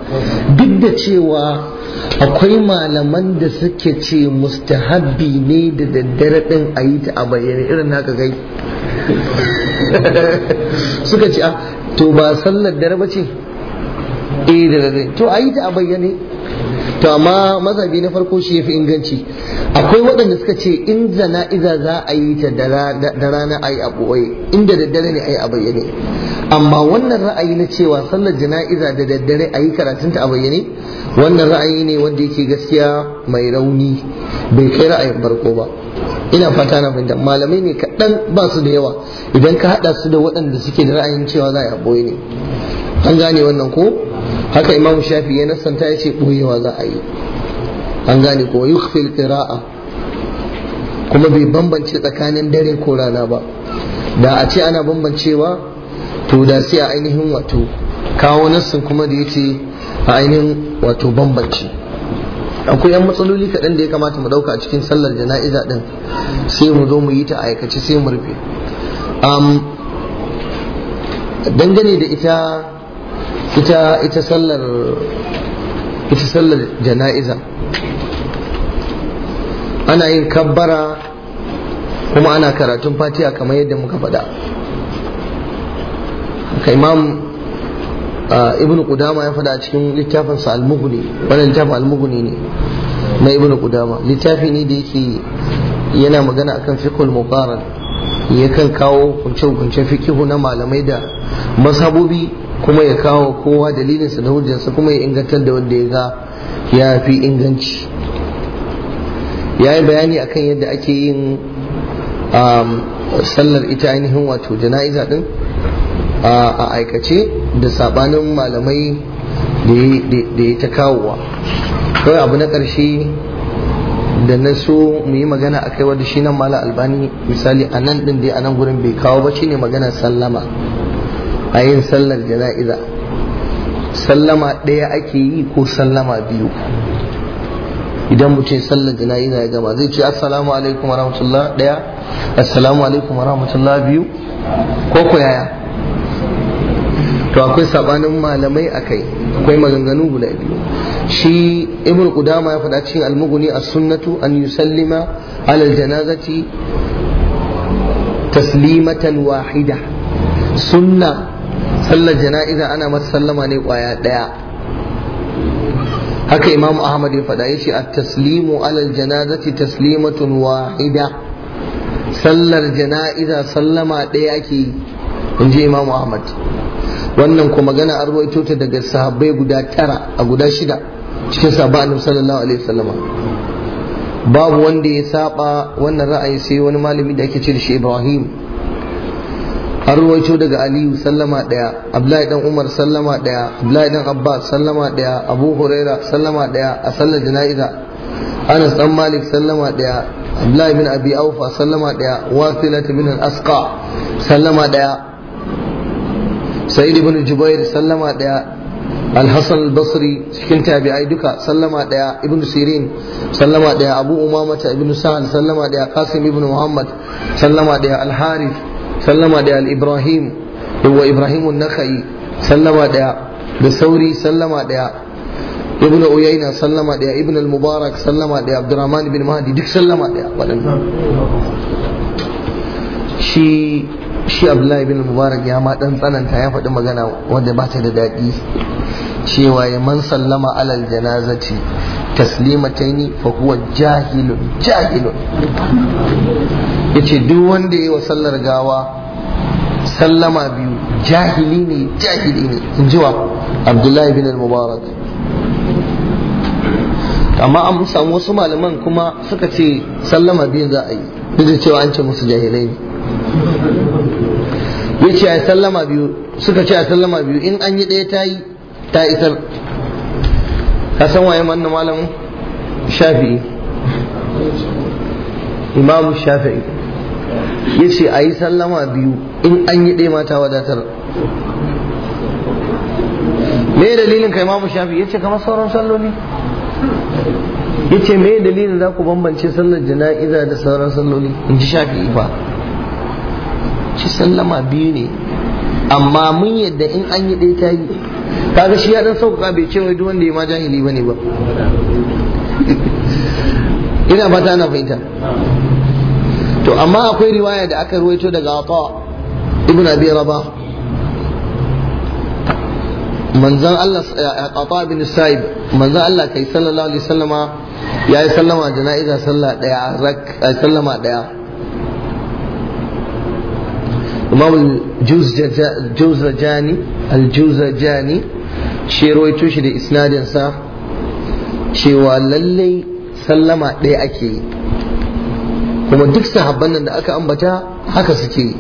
duk da cewa akwai malaman da suke ce mustahabbi ne da daddare din a yi ta a bayyane irin naka gai <laughs> suka ce ah, to ba sallar dare ba ce eh da dare to a yi ta a bayyane to amma mazhabi na farko shi ya fi inganci akwai waɗanda suka ce in jana'iza za a yi ta da rana a yi a ɓoye inda da dare ne a yi a bayyane amma wannan ra'ayi na cewa sallar jana'iza da daddare a yi karatunta a bayyane wannan ra'ayi ne wanda yake gaskiya mai rauni bai kai ra'ayin barko ba ina fata na fahimta malamai ne kaɗan ba su da yawa idan ka haɗa su da waɗanda suke da ra'ayin cewa za a yi ne an gane wannan ko haka imamu shafi ya nasanta ya ce ɓoyewa za a yi an gane ko yukfil qira'a kuma bai bambance tsakanin dare ko rana ba da a ce ana bambancewa to da sai a ainihin wato kawo nassin kuma da yace a ainihin wato bambanci akwai yan matsaloli kaɗan da ya kamata mu ɗauka a cikin sallar jana'iza ɗin sai mu zo mu yi ta aikace sai mu rufe dangane da ita ita ita sallar ita sallar jana'iza ana yin kabbara kuma ana karatun fatiha kamar yadda muka faɗa ka imam ibn qudama ya faɗa cikin littafin sa al-mughni wannan littafin al ne na ibn qudama littafi ne da yake yana magana akan fiqhul muqaran kan kawo kunce kunce fikihu na malamai da masabobi kuma ya kawo kowa dalilinsa da hujjarsa kuma ya ingantar da wanda ya ga ya fi inganci yayi bayani akan yadda ake yin sallar ita ainihin wato jana'iza din a aikace da sabanin malamai da ya ta kawowa kawai abu na ƙarshe da na so mu yi magana a kai da shi nan mala albani misali a nan ɗin dai a nan gurin bai kawo ba shine maganar sallama a yin sallar jana'iza sallama ɗaya ake yi ko sallama biyu idan mutum sallar jana'iza ya gama zai ce assalamu alaikum wa rahmatullah daya assalamu alaikum wa rahmatullah biyu ko ko yaya to akwai sabanin malamai akai akwai maganganu guda biyu shi ibn qudama ya faɗa cikin almuguni a sunnatu an yusallima alal janazati taslimatan wahida sunna sallar jana'iza ana mata sallama ne kwaya ɗaya haka imam ahmad ya faɗa yace ce a taslimu alal janazati taslimatun wahida sallar jana'iza sallama ɗaya ke yi in ji imam ahmad wannan kuma magana an ruwaito ta daga sahabbai guda tara a guda shida cikin sahabba annabi sallallahu alaihi wasallama babu wanda ya saba wannan ra'ayi sai wani malami da ake ce da shi Ibrahim an ruwaito daga Aliyu sallama daya Abdullahi dan Umar sallama daya Abdullahi dan Abbas sallama daya Abu Huraira sallama daya a sallar jana'iza Anas dan Malik sallama daya Abdullahi bin Abi Aufa sallama daya Wasilat bin al-Asqa sallama daya sa'id ibn jubair sallama daya al-hasan al-basri cikin tabi'ai duka sallama daya ibn sirin sallama daya abu umamata ibn sa'ad sallama daya qasim ibn muhammad sallama daya al-harith sallama daya al-ibrahim wa ibrahim an-nakhai sallama daya da sauri sallama daya ibn uyayna sallama daya ibn al-mubarak sallama daya abdurrahman ibn mahdi duk sallama daya waɗannan shi shi abdullahi bin mubarak ya ma dan tsananta ya faɗi magana wanda ba ta da daɗi cewa ya man sallama alal janazati taslimataini fa huwa jahilun jahilun yace duk wanda yayi wa sallar gawa sallama biyu jahili ne jahili ne wa abdullahi bin mubarak amma an samu wasu malaman kuma suka ce sallama biyu za a yi duk da cewa an ce musu jahilai ne ce a sallama biyu suka ce a sallama biyu in an yi ɗaya ta yi ta isar ka san waye manna malamin shafi'i imamu shafi'i ya ce a yi sallama biyu in an yi ɗaya mata wadatar me dalilin ka imamu shafi'i ya ce kamar sauran salloli ya ce me dalilin za ku bambance sallar jana'iza da sauran salloli in ji shafi'i fa shi sallama biyu ne amma mun yadda in an yi ɗaya ta yi kaga shi ya dan sauƙaƙa bai ce wai duk wanda ya ma jahili bane ba <laughs> ina fata na fahimta to amma akwai riwaya da aka ruwaito daga Ata ibn Abi Rabah manzan Allah Ata ibn Sa'ib manzan Allah kai sallallahu alaihi wasallama yayi sallama jana'iza sallah daya rak eh, sallama daya imam al-juzajani al-juzajani shi rawaito shi da isnadin sa cewa lallai sallama ɗaya ake yi kuma duk sahabban nan da aka ambata haka suke yi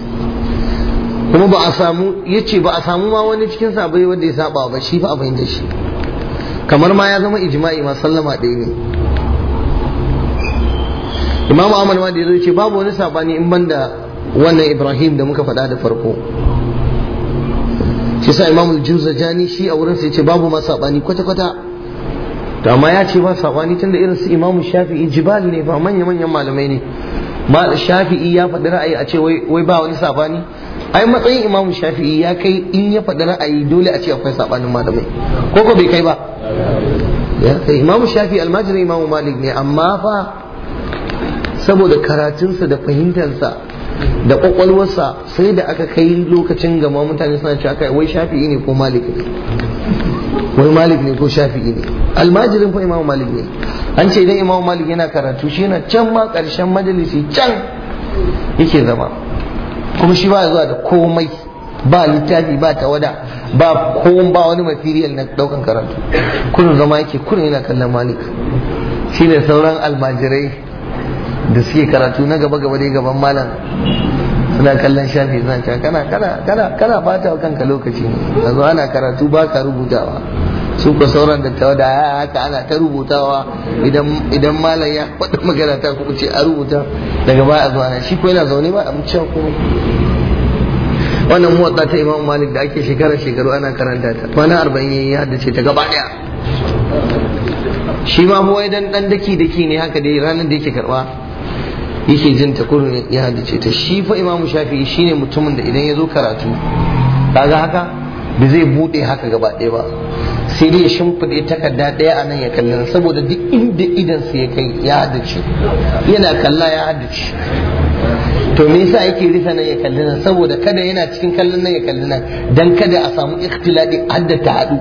kuma ba a samu ya ce ba a samu ma wani cikin sabai wanda ya saba ba shi fa a fahimta shi kamar ma ya zama ijma'i ma sallama ɗaya ne imamu amal ma da ya zo ce babu wani sabani in banda wannan ibrahim da muka faɗa da farko shi sa imamul juzajani shi a wurin sai ce babu ma sabani kwata kwata to amma ya ce ba sabani tunda irin su imamu shafi'i jibal ne ba manya manyan malamai ne ma shafi'i ya faɗi ra'ayi a ce wai ba wani sabani ai matsayin imamu shafi'i ya kai in ya faɗi ra'ayi dole a ce akwai sabanin malamai ko ko bai kai ba ya kai imamu shafi'i almajirin imamu malik ne amma fa saboda karatunsa da fahimtarsa da kwakwalwarsa sai da aka kai lokacin gama mutane suna cewa kai wai shafi'i ne ko malik ne wai malik ne ko shafi'i ne almajirin fa imamu malik ne an ce idan imamu malik yana karatu shi yana can ma karshen majalisi can yake zama kuma shi ba zuwa da komai ba littafi ba tawada ba ko ba wani material na daukan karatu kullum zama yake kullum yana kallon malik shine sauran almajirai da suke karatu na gaba gaba dai gaban malam suna kallon shafi suna cewa kana kana kana kana bata wa kanka lokaci a zo ana karatu ba ka rubutawa su ko sauran tawa da haka ana ta rubutawa idan malam ya faɗa magana ta ku ce a rubuta daga baya a zuwa shi ko yana zaune ba a abinci ko wannan muwatta ta imam malik da ake shekara shekaru ana karanta ta kwana arba'in yayi ya haddace ta gaba daya shi ma huwa dan dan daki daki ne haka dai ranar da yake karba yake jin ta kurin ya hadice ta shi fa imamu shafi'i shine mutumin da idan ya zo karatu kaga haka da zai bude haka gaba ɗaya ba sai dai ya shimfiɗe takarda ɗaya a nan ya kallon saboda duk inda idansa ya kai ya hadice yana kalla ya hadice to me yasa yake rufe nan ya kalli nan saboda kada yana cikin kallon nan ya kalli nan dan kada a samu ikhtilati hadda ta hadu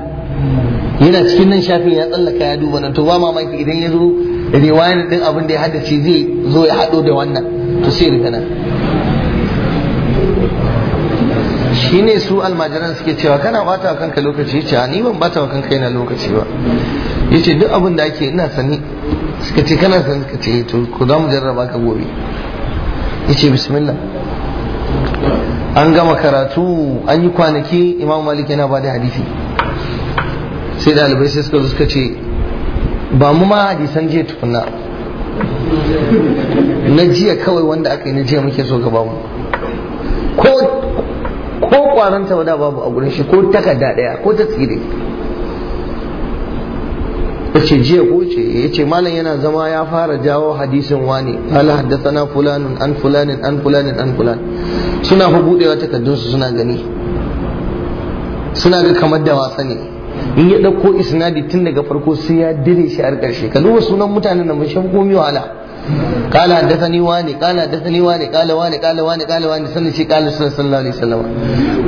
yana cikin nan shafin ya tsallaka ya duba nan to ba mamaki idan ya zo riwayan din abin da ya haddace zai zo ya hado da wannan to sai rufe nan ne su almajiran suke cewa kana bata wa kanka lokaci yace ni ban bata wa kanka yana lokaci ba yace duk abin da ake ina sani suka ce kana sani suka ce to ku za mu jarraba ka gobe yace bismillah an gama karatu an yi kwanaki imam malik yana ba da hadisi sai ɗalibai sai suka zo suka ce ba mu ma hadisan jiya tukuna na jiya kawai wanda aka yi na jiya muke so gaba mu ko kwaron wada babu a gurin shi ko takarda daya ko ta tsire ce jiya ko ce ya ce malam yana zama ya fara jawo hadisin wani qala haddathana fulanun an fulanin an fulanin an fulan suna fa budewa suna gani suna ga kamar da wasa ne in ya ɗauko isnadi tun daga farko sai ya dire shi har ƙarshe ka duba sunan mutanen nan bashin komi wahala kala haddathani wani kala haddathani wani kala wani kala wani kala wani sannan shi kala sallallahu alaihi wasallam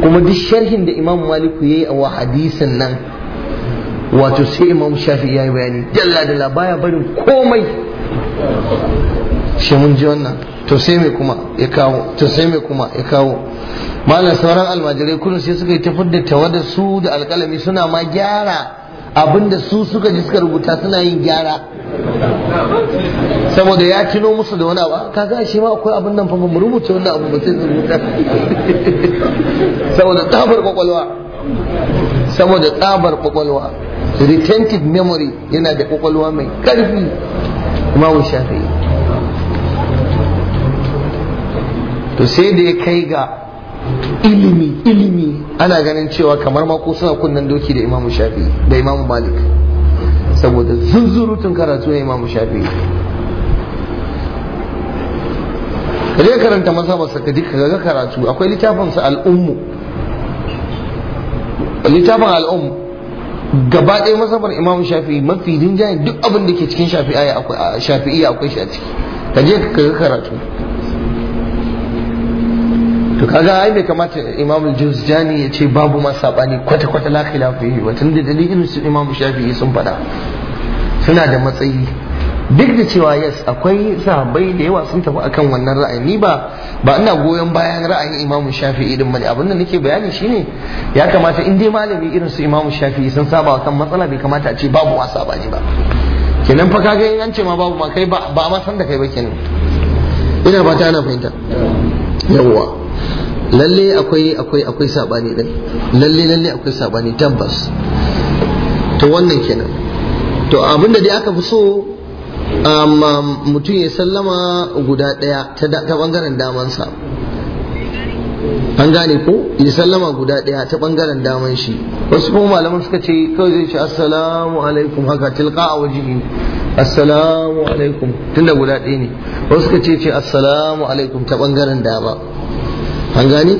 kuma duk sharhin da imam maliku yayi a wa hadisin nan wato sai imam shafi ya yi bayani dalla dalla baya barin komai shi mun ji wannan to sai mai kuma ya kawo to sai mai kuma ya kawo malam sauran almajirai kullum sai suka yi tafar da da su da alkalami suna ma gyara abinda su suka ji suka rubuta suna yin gyara saboda ya tuno musu da wani abu ah, ga shi ma akwai abin nan fa mu rubuta wannan abu ba sai su rubuta <laughs> saboda tsabar kwakwalwa saboda tsabar kwakwalwa retentive memory yana da kwakwalwa mai karfi imamu shafi'i to sai da ya kai ga ilimi ilimi ana ganin cewa kamar ma ko suna kunnen doki da imamu shafi da imamu malik saboda zunzurutun karatu na imamu shafi ka je karanta mazhabarsa ka duka ga karatu akwai littafinsa al'ummu littafin al'um gaba ɗaya masabar imamu shafi'i mafi rinjaye duk abin da ke cikin shafi'i akwai shi a ciki ka je ka ga karatu to kaga ai bai kamata imam al-juzjani ya ce babu ma sabani kwata kwata la khilafu yi wa tunda dalilin su imam shafi'i sun faɗa suna da matsayi duk da cewa yes akwai sahabbai da yawa sun tafi akan wannan ra'ayi ni ba ba ina goyon bayan ra'ayin imam shafi'i din bane abin da nake bayani shine ya kamata in dai malami irin su imam shafi'i sun saba kan matsala bai kamata a ce babu ma sabani ba kenan fa kaga in an ce ma babu ma kai ba ba ma san da kai ba kenan ina ba ta ana fahimta yawwa lalle akwai akwai akwai sabani din lalle lalle akwai sabani tabbas to wannan kenan to abinda dai aka fi so um, um, mutum ya sallama guda daya ta bangaren damansa an gane ko ya sallama guda daya ta bangaren daman shi wasu kuma malaman suka ce kawai zai ce assalamu alaikum haka tilka a wajibi assalamu alaikum tunda guda ɗaya ne wasu suka ce ce assalamu alaikum ta bangaren dama an gani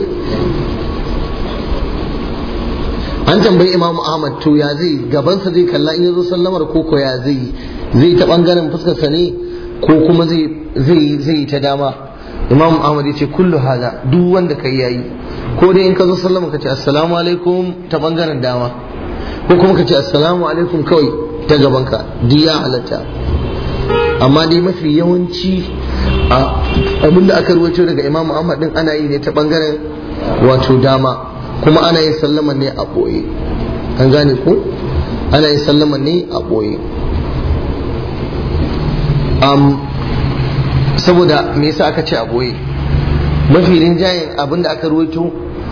an tambayi imamu ahmad to ya zai gabansa zai kalla in yazo sallamar ko ko ya zai zai ta bangaren fuskarsa ne ko kuma zai zai ta dama imam ahmad ya ce kullu hada duk wanda kai yayi ko dai in ka zo sallama ka ce assalamu alaikum ta bangaren dama ko kuma ka ce assalamu alaikum kawai ta gabanka duk ya halatta amma dai mafi yawanci abinda aka ruwaito daga imamu ahmad din ana yi ne ta bangaren wato dama kuma ana yin sallama ne a ɓoye an gane ku ana yin sallama ne a ɓoye saboda me yasa aka ce a ɓoye mafi rinjayen abinda aka ruwaito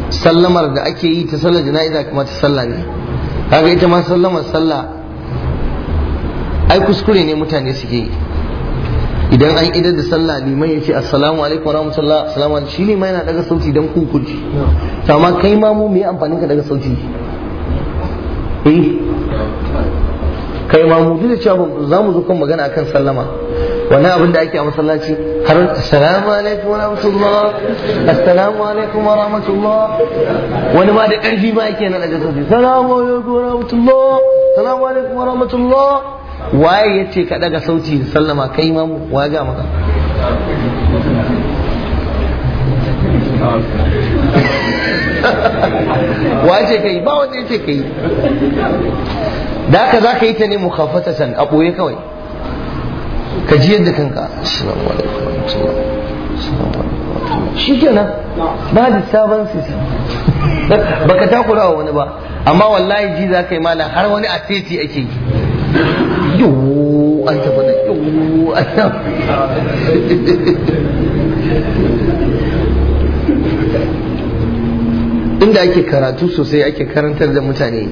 sallamar da ake yi ta sallar jana'iza kuma ta salla ne kaga ita ma sallamar salla, ai kuskure ne mutane suke yi idan an idan da sallah liman ya ce assalamu alaikum warahmatullah assalamu alaikum shi liman yana daga sauti dan ku to amma kai ma mu me amfanin ka daga sauti eh kai ma mu duk da cewa za mu zo kan magana akan sallama wannan abin da ake a masallaci har assalamu alaikum wa rahmatullah assalamu alaikum wa rahmatullah wani ma da karfi ma yake na daga sauti assalamu alaikum wa rahmatullah assalamu alaikum wa rahmatullah waye ya ce ka daga sauti sallama kai imamu wa ga maka <laughs> wace kai ba wanda yace kai da haka za ka yi ta ne mukhafatatan a ɓoye kawai ka ji yadda kanka assalamu alaikum shi kenan ba da sabon sistem <laughs> baka takura wa wani ba amma wallahi ji za ka yi mala har wani aseti ake yi yiwu an tafi an tafi inda ake karatu sosai ake karantar da mutane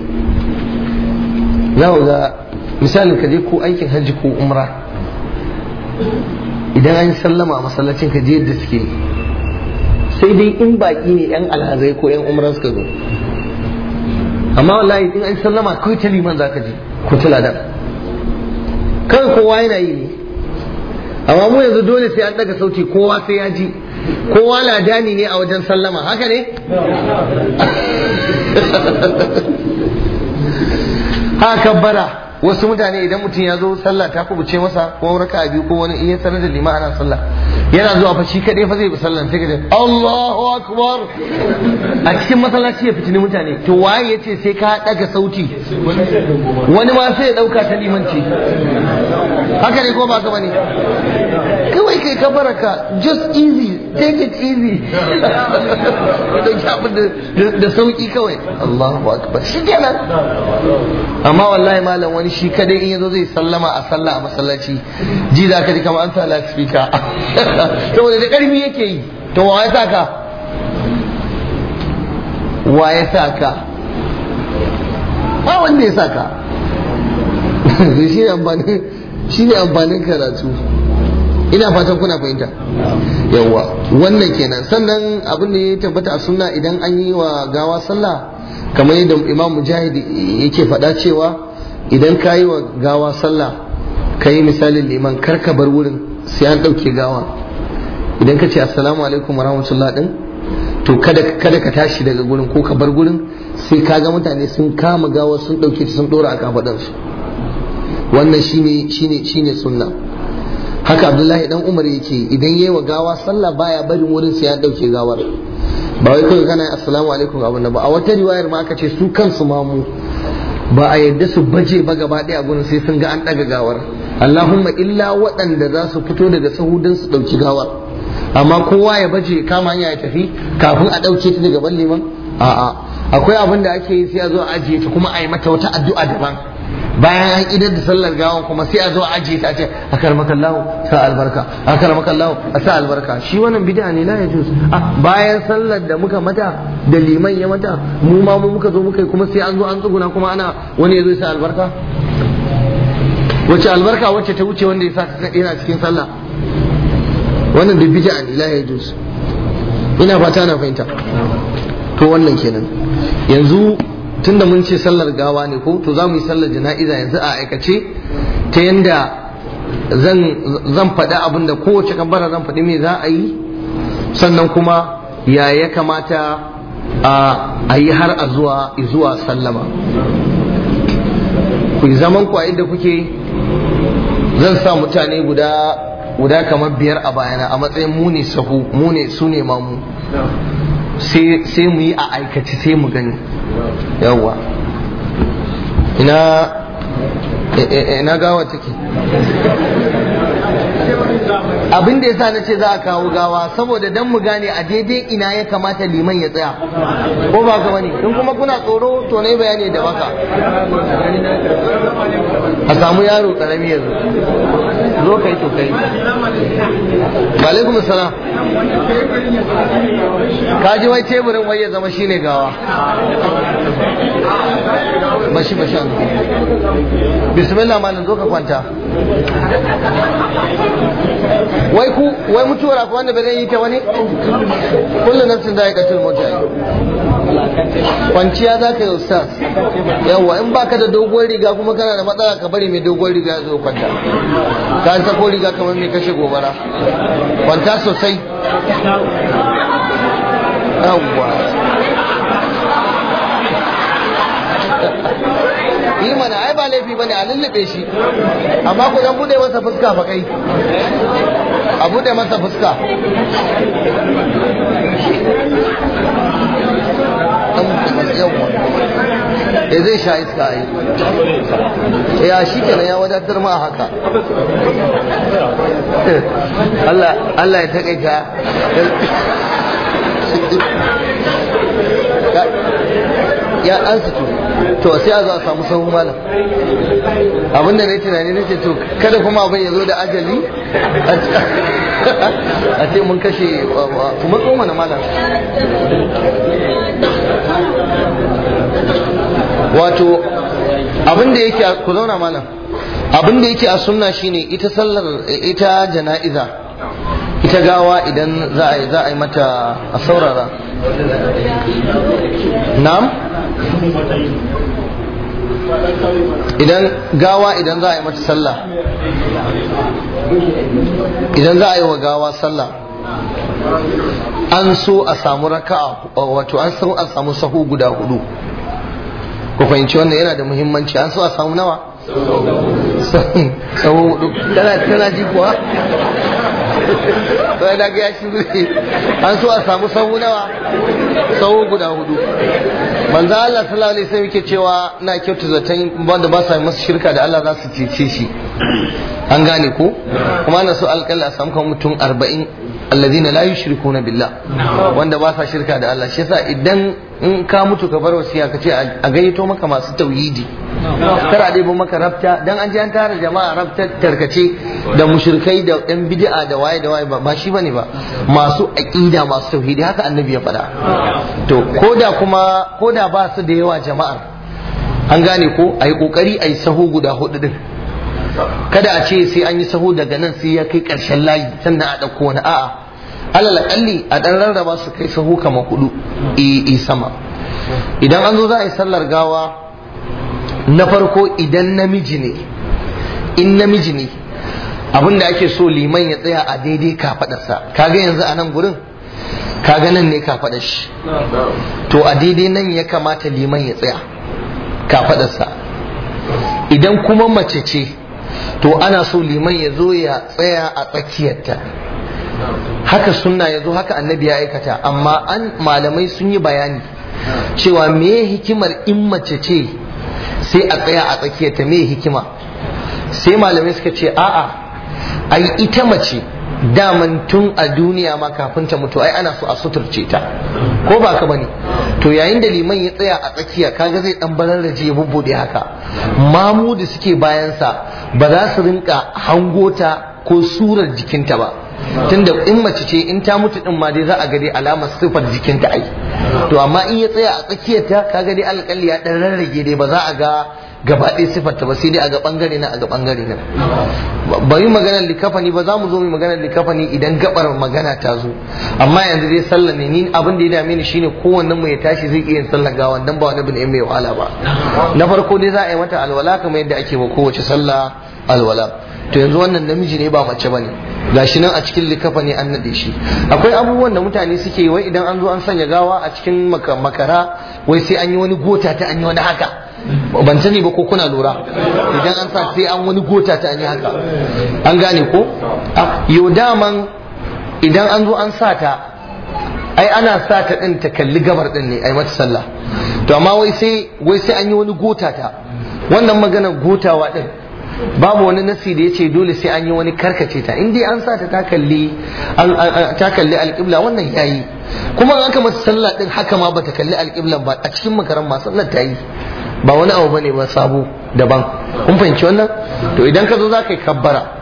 za ku ga misalin ka je ko aikin hajji ko umra idan an sallama a masallacin ka je yadda suke sai dai in baki ne yan alhazai ko yan umran suka zo amma wallahi in an sallama kai ta liman zaka je ko ta ladan kawai kowa yana yi ne amma mu yanzu dole sai an daga sauti kowa sai ya ji kowa ladani ne a wajen sallama haka ne <laughs> haka bara wasu mutane idan mutum ya zo sallah ta ce masa ko raka biyu ko wani iya sanar da lima ana sallah yana zuwa fa shi kadai fa zai bi sallah sai kaje Allahu akbar a cikin masallaci ya fitini mutane to waye yace sai ka daga sauti wani ma sai ya dauka ta limanci haka ne ko ba ka bane kawai kai ka baraka just easy take it easy da sauki kawai Allahu akbar shi kenan amma wallahi malam wani shi kadai in yazo zai sallama a sallah a masallaci ji za ka ji kamar an sa lasfika <laughs> saboda da karfi yake yi to wa ya saka wa ya saka ba wanda ya saka <laughs> shi ne amfani, shi ne amfanin karatu ina fatan kuna fahimta yawa wannan kenan sannan abin da ya tabbata a sunna idan an yi wa gawa sallah kamar yadda imam mujahid yake faɗa cewa idan ka yi wa gawa sallah ka yi misalin liman kar ka bar wurin sai an ɗauke gawa idan ka ce assalamu alaikum warahmatullah din to kada kada ka tashi daga gurin ko ka bar gurin sai ka ga mutane sun kama gawar sun ɗauke sun ɗora a kafaɗansu wannan shine shine shine sunna haka abdullahi dan umar yake idan yayi wa gawa sallah baya barin wurin sai ya dauke gawar ba wai kawai kana assalamu alaikum abu ba a wata riwayar ma aka ce su kansu mamu ba a yadda su baje ba gaba ɗaya gurin sai sun ga an ɗaga gawar Allahumma illa waɗanda za su fito daga sahudin su ɗauki gawar amma kowa ya baje kama hanya ya tafi kafin a ɗauke ta daga ban liman a'a akwai abin da ake yi sai a zo a ajiye ta kuma a yi mata wata addu'a daban bayan an idar da sallar gawan kuma sai a zo a ajiye ta ce a karmakan lawo sa albarka a karmakan lawo a sa albarka shi wannan bid'a ne la yajuz ah, bayan sallar da muka mata da liman ya mata mu ma mu muka zo muka yi kuma sai an zo an tsuguna kuma ana wani ya zo sa albarka wacce albarka wacce ta wuce wanda ya sa ta yana cikin sallah wannan da bid'a ne la yajuz ina fata na fahimta to wannan kenan yanzu tun da mun ce sallar gawa ne ko to za mu yi sallar jana'iza yanzu a aikace ta yanda zan faɗi abin kowace kabbara zan faɗi me za a yi sannan kuma ya ya kamata a yi har a zuwa zuwa sallama ku yi zaman ku a inda kuke zan sa mutane guda guda kamar biyar a bayana a matsayin mu ne sahu mu ne su ne mamu sai mu yi a aikace sai mu gani yawwa ina e, e, e, ina gawa take abin da ya sa na ce za a kawo gawa saboda dan mu gane a daidai ina ya kamata liman ya tsaya ko ba ka bane in kuma kuna tsoro to yi bayani da baka a samu yaro karami yanzu zo kai to kai wa alaikum assalam ka ji wai teburin wai ya zama shine gawa shi ba shan bismillah malam zo ka kwanta wai ku wai mutuwar ku wanda bai yi ta wani kullu nafsin da ya katul mota kwanciya za ka yi ustaz yawa in baka da doguwar riga kuma kana da matsala ka bari mai doguwar riga zo kwanta ka ta ko riga kamar mai kashe gobara kwanta sosai yawa yi mana ai ba laifi bane a lullube shi amma ku dan bude masa fuska fa kai a bude masa fuska e zai sha iska yi ya shi kenan ya wadatar ma haka Allah ya taƙaita ya an sutu to sai a zo a samu sahun malam abinda na yi tunani na ce to kada kuma abin ya zo da ajali a ce mun kashe kuma tsoma na malam wato abinda yake ku zauna malam abinda yake a sunna shine ita sallar ita jana'iza ita gawa idan za a yi mata a saurara na'am idan gawa idan za a yi mata sallah idan za a yi wa gawa sallah an so a samu raka'a wato an so a samu sahu guda hudu ku fahimci wannan yana da muhimmanci an so a samu nawa sahu hudu tana ji kuwa to da ga ya shi an so a samu sahu nawa sahu guda hudu manzo Allah sallallahu alaihi wasallam yake cewa na kyautu zaton wanda ba sa masa shirka da Allah za su cece shi an gane ko kuma na so alƙalla a samu mutum arba'in alladhina la na billah wanda ba sa shirka da Allah shi yasa idan in ka mutu ka bar wasiya ka ce a gayyato maka masu tauhidi kar a debo maka rafta dan an ji an tara jama'a rafta tarkace da mushrikai da ɗan bid'a da waye da waye ba shi bane ba masu aqida masu tauhidi haka annabi ya faɗa to koda kuma koda ba su da yawa jama'ar an gane ko ayi kokari ayi sahu guda hudu din kada a ce sai an yi sahu daga nan sai ya kai karshen layi sannan a ɗauko wani a'a alal akalli a ɗan rarraba su kai sahu kamar hudu e sama idan an zo za a yi sallar gawa na farko idan namiji ne in namiji ne abin da ake so liman ya tsaya a daidai kafadarsa kaga yanzu a nan gurin kaga nan ne kafadar shi to a daidai nan ya kamata liman ya tsaya kafadarsa idan kuma mace ce to ana so liman ya zo ya tsaya a tsakiyarta haka sunna ya zo haka annabi ya aikata amma an malamai sun yi bayani cewa me hikimar in mace ce sai a tsaya a tsakiyarta me hikima sai malamai suka ce a'a ai ita mace daman tun a duniya ma kafin ta mutu ai ana so a suturce ta ko ba ka bane to yayin da liman ya tsaya a tsakiya kaga zai dan bararraje ya bubbude haka mamu da suke bayansa ba za su rinka hangota ko surar jikinta ba tunda in mace ce in ta mutu din ma dai za a gade alamar sifar jikinta ai to amma in ya tsaya a tsakiyarta ta kaga dai alƙalli ya dan rarrage dai ba za a ga gaba ɗaya sifarta ba sai dai a ga bangare na a ga bangare na ba yi maganar likafani ba za mu zo mu maganar likafani idan gabar magana ta zo amma yanzu dai sallah ne ni abin da ya dame ni shine kowannen mu ya tashi zai iya yin ga gawa dan ba wani bin mai wahala ba na farko dai za a yi mata alwala kamar yadda ake ba kowace sallah alwala to yanzu wannan namiji ne ba mace bane gashi nan a cikin likafa an nade shi akwai abubuwan da mutane suke yi wai idan an zo an sanya gawa a cikin makara wai sai an yi wani gota ta an yi wani haka ban sani ba ko kuna lura idan an sa sai an wani gota ta ne haka an gane ko ah, yau daman idan an zo an sa ta ai ana sa ta din ta kalli gabar din ne ai mata sallah to amma wai sai wai sai an yi wani gota ta wannan magana gotawa din babu wani nasi da ya ce dole sai an yi wani karkace ta in dai an sa ta ta kalli alƙibla wannan yayi kuma an aka mata sallah din haka ma bata kalli alƙiblan ba a cikin makaran ma sallar ta yi ba wani abu bane ba sabo daban kun fahimci wannan to idan ka zo za yi kabbara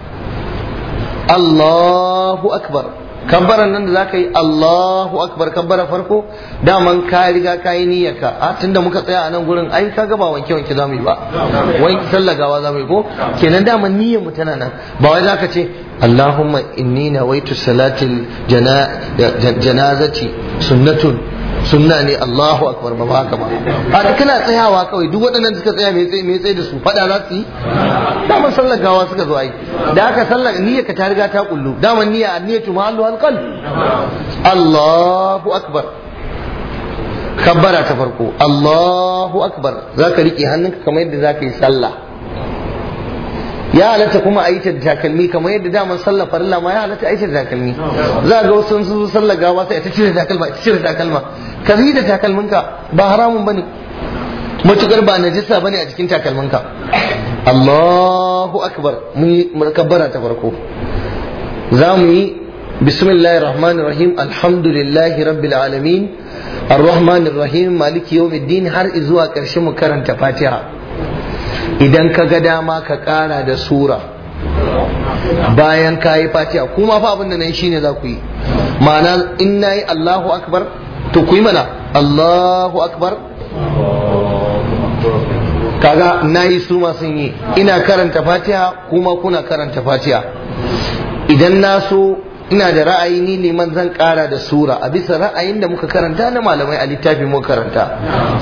Allahu akbar kabbaran nan da za ka yi Allahu akbar kabbara farko daman ka riga ka yi niyyarka a tunda muka tsaya a nan gurin ai ka ga ba wanke wanke za mu yi ba wanke sallagawa za mu yi ko kenan daman niyyar mu tana nan ba wai za ka ce Allahumma inni nawaitu salatil janazati sunnatun sunna ne Allahu akbar ba haka ba a kana tsayawa kawai duk waɗannan suka tsaya mai tsaye mai tsaye da su fada za su yi daman sallar gawa suka zo ai da haka sallar niyyar ka ta riga ta kullu daman niyya niyyatu mahallu alqal Allahu akbar kabbara ta farko Allahu akbar zaka rike hannunka kamar yadda zaka yi sallah ya halatta kuma a yi ta takalmi kamar yadda daman sallar farilla ma ya halatta a yi ta takalmi za ga wasu sun zo sallar gawa sai ta cire takalma ta cire takalma ka yi da takalminka ba haramun bane matukar ba najisa bane a jikin takalminka Allahu akbar mun yi murkabara ta farko za mu yi bismillahir rahmanir rahim alhamdulillahi rabbil alamin arrahmanir rahim maliki yawmiddin har zuwa karshe mu karanta fatiha idan ka ga dama ka kara da sura bayan ka yi fatiha kuma fa abin da nan shine za ku yi ma'ana in nayi Allahu akbar to ku yi mana Allahu akbar kaga na yi su masu yi ina karanta fatiha kuma kuna karanta fatiha idan na so ina da ra'ayi ni liman zan kara da sura a bisa ra'ayin da muka karanta na malamai a littafin muka karanta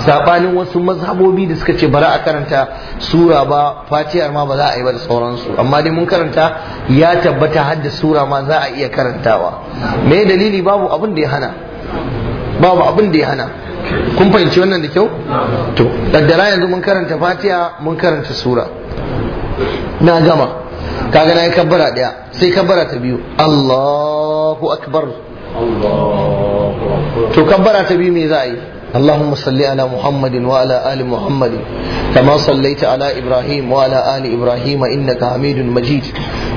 sabanin wasu mazhabobi da suka ce bara a karanta sura ba fatiyar ma ba za a yi ba da sauransu amma dai mun karanta ya tabbata har da sura ma za a iya karantawa me dalili babu abin da ya hana babu abin da ya hana kun fahimci wannan da kyau to daddara yanzu mun karanta Fatiya mun karanta sura na gama kaga na yi kabbara daya sai kabbara ta biyu Allahu akbar to kabbara ta biyu me za a yi اللهم صل على محمد وعلى آل محمد كما صليت على إبراهيم وعلى آل إبراهيم إنك حميد مجيد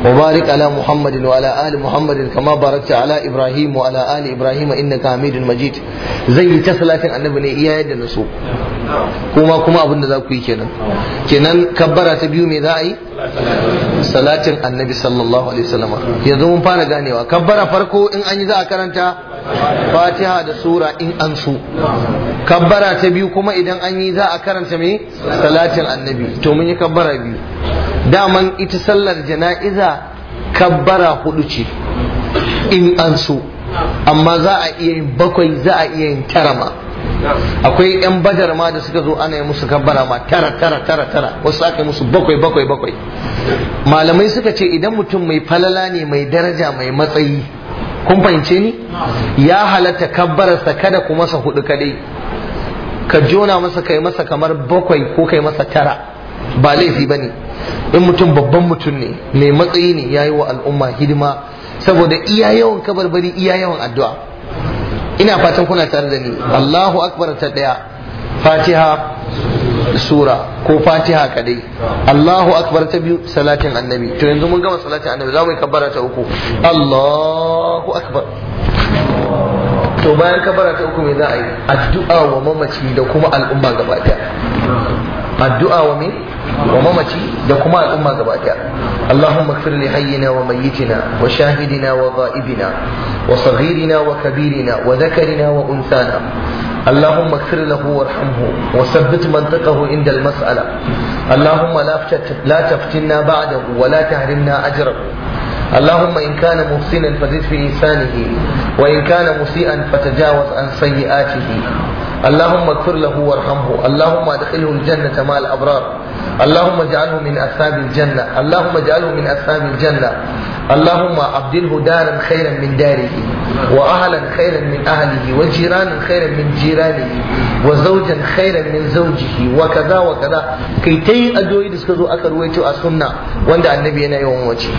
وبارك على محمد وعلى آل محمد كما باركت على إبراهيم وعلى آل إبراهيم إنك حميد مجيد زي تسلاة النبي ne iya yadda na so kuma kuma abin za ku yi kenan kenan kabbara ta biyu me za a yi salatin annabi sallallahu alaihi yanzu mun fara ganewa kabbara farko in an yi za a karanta fatiha da sura in an su kabbara ta biyu kuma idan an yi za a karanta mai salatin annabi to mun yi kabbara biyu daman ita sallar jana'iza kabbara hudu ce in an so amma za a iya yin bakwai za a iya yin tara ma akwai yan badar ma da suka zo ana yi musu kabbara ma tara tara tara tara wasu aka yi musu bakwai bakwai bakwai malamai suka ce idan mutum mai falala ne mai daraja mai matsayi kun fahimce ni ya halatta kabbararsa kada ku masa hudu kadai ka jona masa kai masa kamar bakwai ko kai masa tara ba laifi bane in mutum babban mutum ne mai matsayi ne yayi wa al'umma hidima saboda iya yawan kabarbari iya yawan addu'a ina fatan kuna tare da ni Allahu akbar ta ɗaya. Fatiha sura ko fatiha kadai Allahu akbar ta biyu salatin annabi to yanzu mun gama salatin annabi za mu yi kabbara ta uku Allahu akbar to bayan kabbara ta uku me za a yi addu'a wa mamaci da kuma al'umma gaba ɗaya addu'a wa me wa mamaci da kuma al'umma gaba daya Allahumma ighfir li hayyina wa mayyitina wa shahidina wa dha'ibina wa saghirina wa kabirina wa dhakarina wa unthana اللهم اغفر له وارحمه وثبت منطقه عند المسألة اللهم لا تفتنا بعده ولا تحرمنا أجره اللهم إن كان محسنا فزد في إحسانه وإن كان مسيئا فتجاوز عن سيئاته اللهم اغفر له وارحمه اللهم ادخله الجنة مع الأبرار اللهم اجعله من أثاب الجنة اللهم اجعله من أثاب الجنة اللهم أبدله دارا خيرا من داره وأهلا خيرا من أهله وجيرانا خيرا من جيرانه وزوجا خيرا من زوجه وكذا وكذا كي تي أدوي دسكزو أكر ويتو أسنة واندى النبي يوم وجه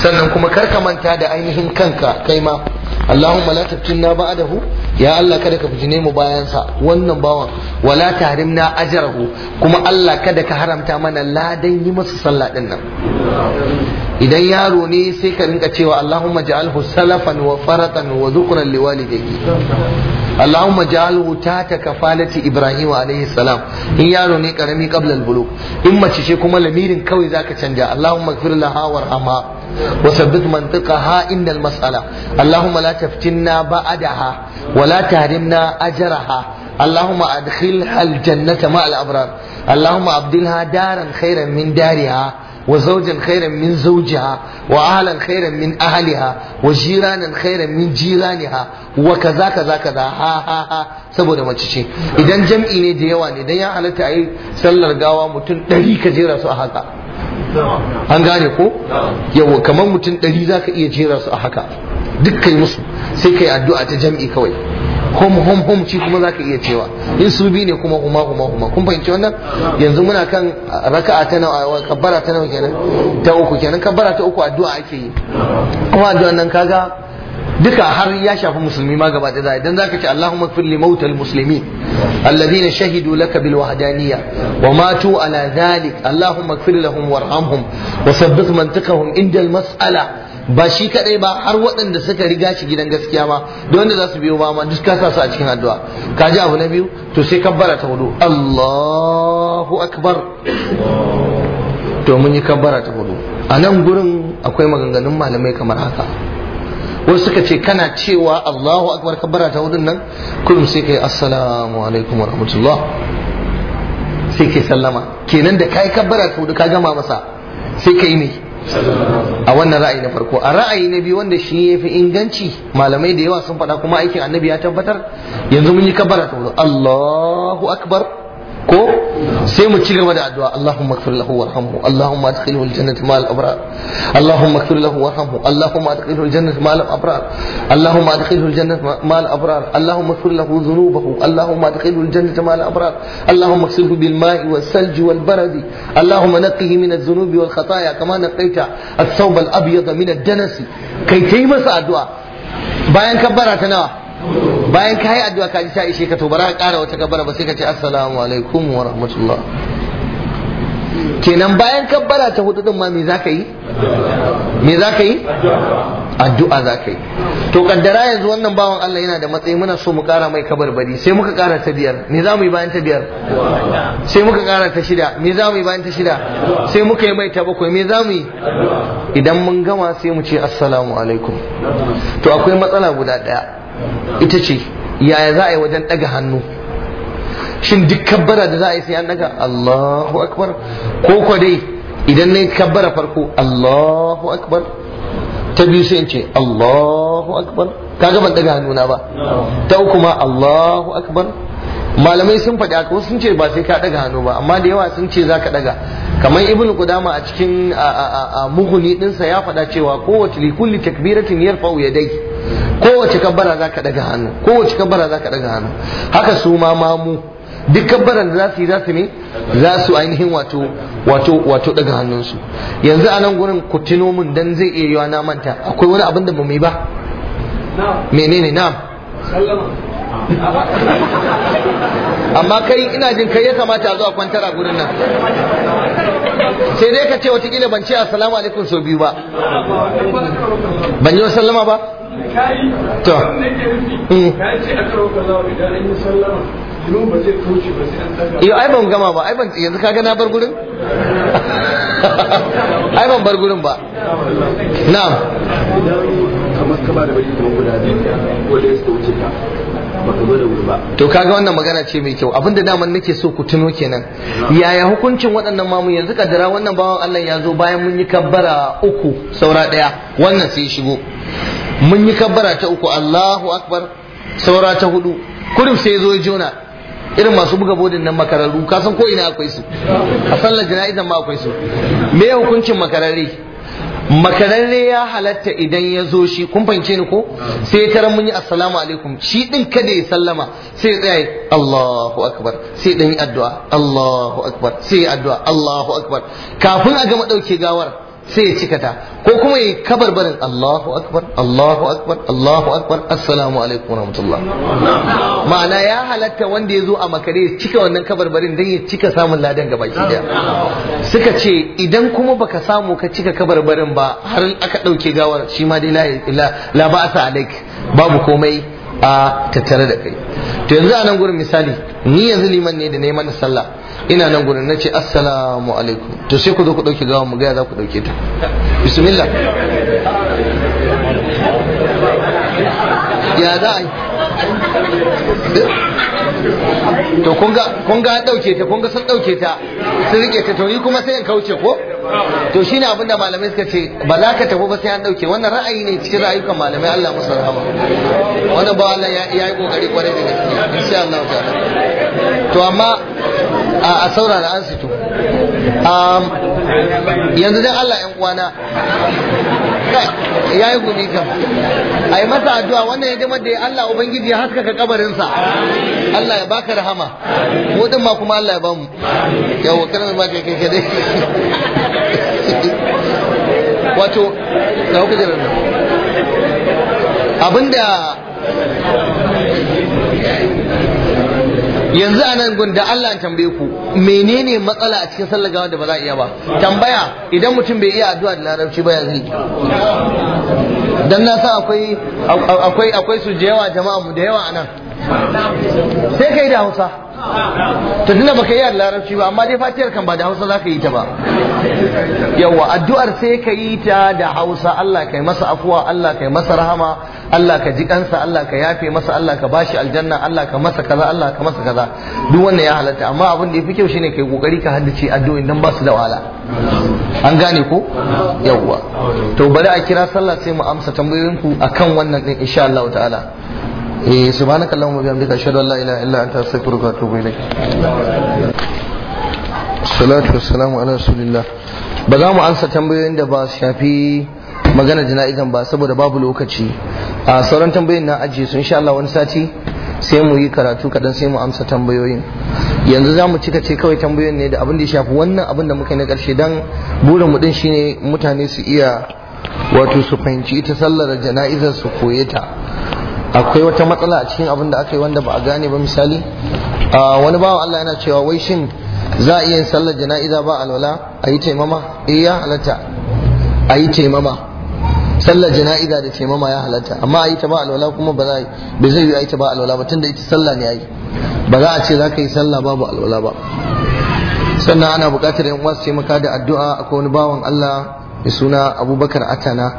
sannan kuma kar ka manta da ainihin kanka kai ma Allahumma la taftinna ba'dahu ya Allah kada ka ne mu bayan sa wannan bawan wala na ajrahu kuma Allah kada ka haramta mana ladan yi masu sallah nan idan yaro ne sai ka rinka cewa Allahumma ja'alhu salafan wa faratan wa dhukran liwalidayhi Allahumma ja'alhu tata kafalati Ibrahim alayhi salam in yaro ne karami qabla al in mace ce kuma lamirin kawai zaka canja Allahumma ighfir laha warhamha wa thabbit mantiqaha inda al-mas'ala Allahumma la taftinna ba'daha wa la tahrimna ajraha اللهم ادخلها الجنة مع الأبرار اللهم ابدلها دارا خيرا من دارها wa zawjan khairan min wa ahlan khairan min ahliha wa jiranan khairan min jiraniha wa kaza kaza kaza ha ha ha saboda mace ce idan jam'i ne da yawa ne dan ya halatta ayi sallar gawa mutum ɗari ka jera su a haka an gane ko yawa kamar mutum ɗari za ka iya jera su a haka dukkan musu sai kai addu'a ta jam'i kawai hum hum hum ci kuma zaka iya cewa in su bi ne kuma huma huma huma kun fahimci wannan yanzu muna kan raka'a ta nawa kabbara ta nawa kenan ta uku kenan kabbara ta uku addu'a ake yi kuma addu'an nan kaga duka har ya shafi musulmi ma gaba da idan zaka ce Allahumma kfir li mautal muslimin alladhina shahidu laka bil wahdaniyya wa matu ala dhalik Allahumma kfir lahum warhamhum wa sabbit mantiqahum inda al mas'ala ba shi kadai ba har waɗanda suka riga shi gidan gaskiya ma da wanda za su biyo ba ma duk kasa su a cikin addu'a ka ji abu na biyu to sai kabbara ta hudu Allahu akbar to mun yi kabbara ta hudu a nan gurin akwai maganganun malamai kamar haka wasu suka ce kana cewa Allahu akbar kabbara ta hudun nan kullum sai kai assalamu alaikum wa rahmatullah sai kai sallama kenan da kai kabbara ta hudu ka gama masa sai kai ne a wannan ra'ayi na farko a ra'ayi na biyu wanda shi ya fi inganci malamai da yawa sun faɗa kuma aikin annabi ya tabbatar yanzu mun yi kabara ta wuri Allahu akbar ko sai mu ci gaba da addu'a Allahumma ighfir lahu warhamhu Allahumma adkhilhu aljannata ma'al abrar Allahumma ighfir lahu warhamhu Allahumma adkhilhu aljannata ma'al abrar Allahumma adkhilhu aljannata ma'al abrar Allahumma ighfir lahu dhunubahu Allahumma adkhilhu aljannata ma'al abrar Allahumma ighsilhu bil ma'i was salj wal barad Allahumma naqqihi min adh-dhunubi wal khataaya kama naqqaita ath-thawb al-abyad min ad-danas kai kai masa addu'a bayan kabbara ta nawa bayan ka yi addu'a ka ji ta ishe ka to bara ka ƙara wata kabbara ba sai ka ce assalamu alaikum wa rahmatullah kenan bayan kabbara ta hudu din ma me zaka yi me zaka yi addu'a zaka yi to kaddara yanzu wannan bawan Allah yana da matsayi muna so mu kara mai kabarbari sai muka kara ta biyar me za mu yi bayan ta biyar sai muka kara ta shida me za mu yi bayan ta shida sai muka yi mai ta bakwai me za mu yi idan mun gama sai mu ce assalamu alaikum to akwai matsala guda daya ita ce yaya za a yi wajen ɗaga hannu shin duk kabbara da za a yi sai an daga Allahu akbar ko ko dai idan nayi kabbara farko Allahu akbar ta biyu sai in ce Allahu akbar kaga ban daga hannuna ba ta uku ma Allahu akbar malamai sun faɗi haka sun ce ba sai ka daga hannu ba amma da yawa sun ce za ka ɗaga. kamar ibnu Ƙudama a cikin mughni ɗinsa ya faɗa cewa kowace likulli takbiratin yarfa'u dai. kowace kabbara za ka daga hannu kowace kabbara za ka daga hannu haka su ma mamu duk kabbaran da za su yi za su ne za su ainihin wato daga hannunsu yanzu a nan gurin ku tuno min dan zai iya yiwa na manta akwai wani abin da ba mu yi ba menene na amma kai ina jin kai ya kamata a zo a kwantar a gurin nan sai dai ka ce watakila ban ce assalamu alaikum sau biyu ba ban yi sallama ba to eh. ai ban gama ba ai ban yanzu kaga na bar gurin <laughs> ai ban bar gurin ba na'am kamar da wanda ya ka to kaga wannan magana ce mai kyau abinda daman nake so ku tuno kenan yaya hukuncin waɗannan mamu yanzu kadara wannan bawan Allah ya zo bayan mun yi kabbara uku saura ɗaya wannan sai shigo mun yi kabbara ta uku Allahu akbar saura ta hudu kurum sai zo jona irin masu buga bodin nan makararru ka san ko ina akwai su a sallar jana'izan ma akwai su me hukuncin makararre makararre ya halatta idan ya zo shi kun fahimce ni ko sai tara mun yi assalamu alaikum shi din kada ya sallama sai tsaya Allahu akbar sai dan yi addu'a Allahu akbar sai addu'a Allahu akbar kafin a gama dauke gawar sai ya cika ta ko kuma ya kabar barin Allahu akbar Allahu akbar Allahu akbar assalamu alaikum warahmatullah ma'ana ya halatta wanda ya zo a makare ya cika wannan kabar barin dan ya cika samun ladan ga baki daya suka ce idan kuma baka samu ka cika kabar barin ba har aka dauke gawar shi ma dai la la sa alaik babu komai a tattare da kai to yanzu a nan gurin misali ni yanzu liman ne da neman sallah ina nan gurin nace assalamu alaikum to sai ku zo ku dauke gawa mu ga za ku dauke ta bismillah ya za a yi. to kun ga dauke ta kun ga sun dauke ta sun rike ta tauri kuma sai in kauce ko to shine abin da malamai suka ce ba za ka tafi ba sai an dauke wannan ra'ayi ne cikin ra'ayukan malamai Allah musu rahama wannan ba Allah ya yi kokari kwarai da gaske insha Allah ta'ala to amma a saurara an sito um, yanzu dai Allah yan uwana ya yi gumi kan a yi masa addu'a wannan ya dama da Allah ubangiji ya haskaka kabarinsa Allah ya baka rahama mu din ma kuma Allah ya bamu yawa kana ma kai kai dai wato da kuka jira abinda yanzu a nan gun da Allah tambaye ku menene matsala a cikin sallar gawa da ba za a iya ba tambaya idan mutum bai iya addu'a da larabci ba ya zai dan na san akwai akwai akwai su da yawa jama'a mu da yawa a anan sai kai da Hausa to tunda baka yi larabci ba amma dai fatiyar kan ba da hausa zaka yi ta ba yawa addu'ar sai ka yi ta da hausa Allah kai masa afuwa Allah kai masa rahama Allah ka ji kansa Allah ka yafe masa Allah ka bashi aljanna Allah ka masa kaza Allah ka masa kaza duk wannan ya halatta amma abin da yafi kyau shine kai kokari ka haddace addu'o'in dan ba su da wahala an gane ko yawa to bari a kira sallah sai mu amsa tambayoyinku akan wannan din insha Allah ta'ala eh subhanaka allahumma bihamdika ashhadu an la ilaha illa anta astaghfiruka wa atubu ilaik salatu wassalamu ala rasulillah ba za mu ansa tambayoyin da ba su shafi magana jana'izan ba saboda babu lokaci a sauran tambayoyin na ajiye su insha Allah wani sati sai mu yi karatu kaɗan sai mu amsa tambayoyin yanzu za mu cika ce kawai tambayoyin ne da abin da ya shafi wannan abin da muka yi na ƙarshe don burin mu din shine mutane su iya wato su fahimci ita sallar jana'izar su koye ta akwai wata matsala a cikin abin da aka yi wanda ba a gane ba misali wani bawa Allah yana cewa wai shin za a iya yin sallar jana'iza ba alwala a yi taimama eh ya halatta a yi taimama sallar jana'iza da taimama ya halatta amma a yi ta ba alwala kuma ba za a ba zai yi a yi ta ba alwala ba tunda ita sallah ne yi. ba za a ce za ka yi sallah babu alwala ba sannan ana buƙatar yan uwa su taimaka da addu'a akwai wani bawan Allah mai suna abubakar atana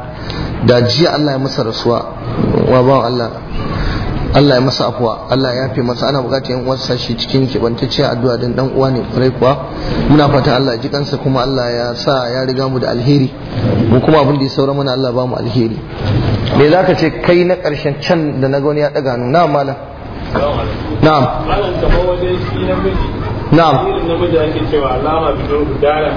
da jiya Allah ya masa rasuwa wa ba Allah Allah ya masa afuwa Allah ya fi masa ana bukatar yan uwarsa shi cikin kibantacce addu'a din dan uwa ne kurai kuwa muna fata Allah ji kansa kuma Allah ya sa ya riga mu da alheri mu kuma abin da ya saura mana Allah ba mu alheri me ka ce kai na karshen can da na gani ya daga nu na'am malam na'am na'am Na'am.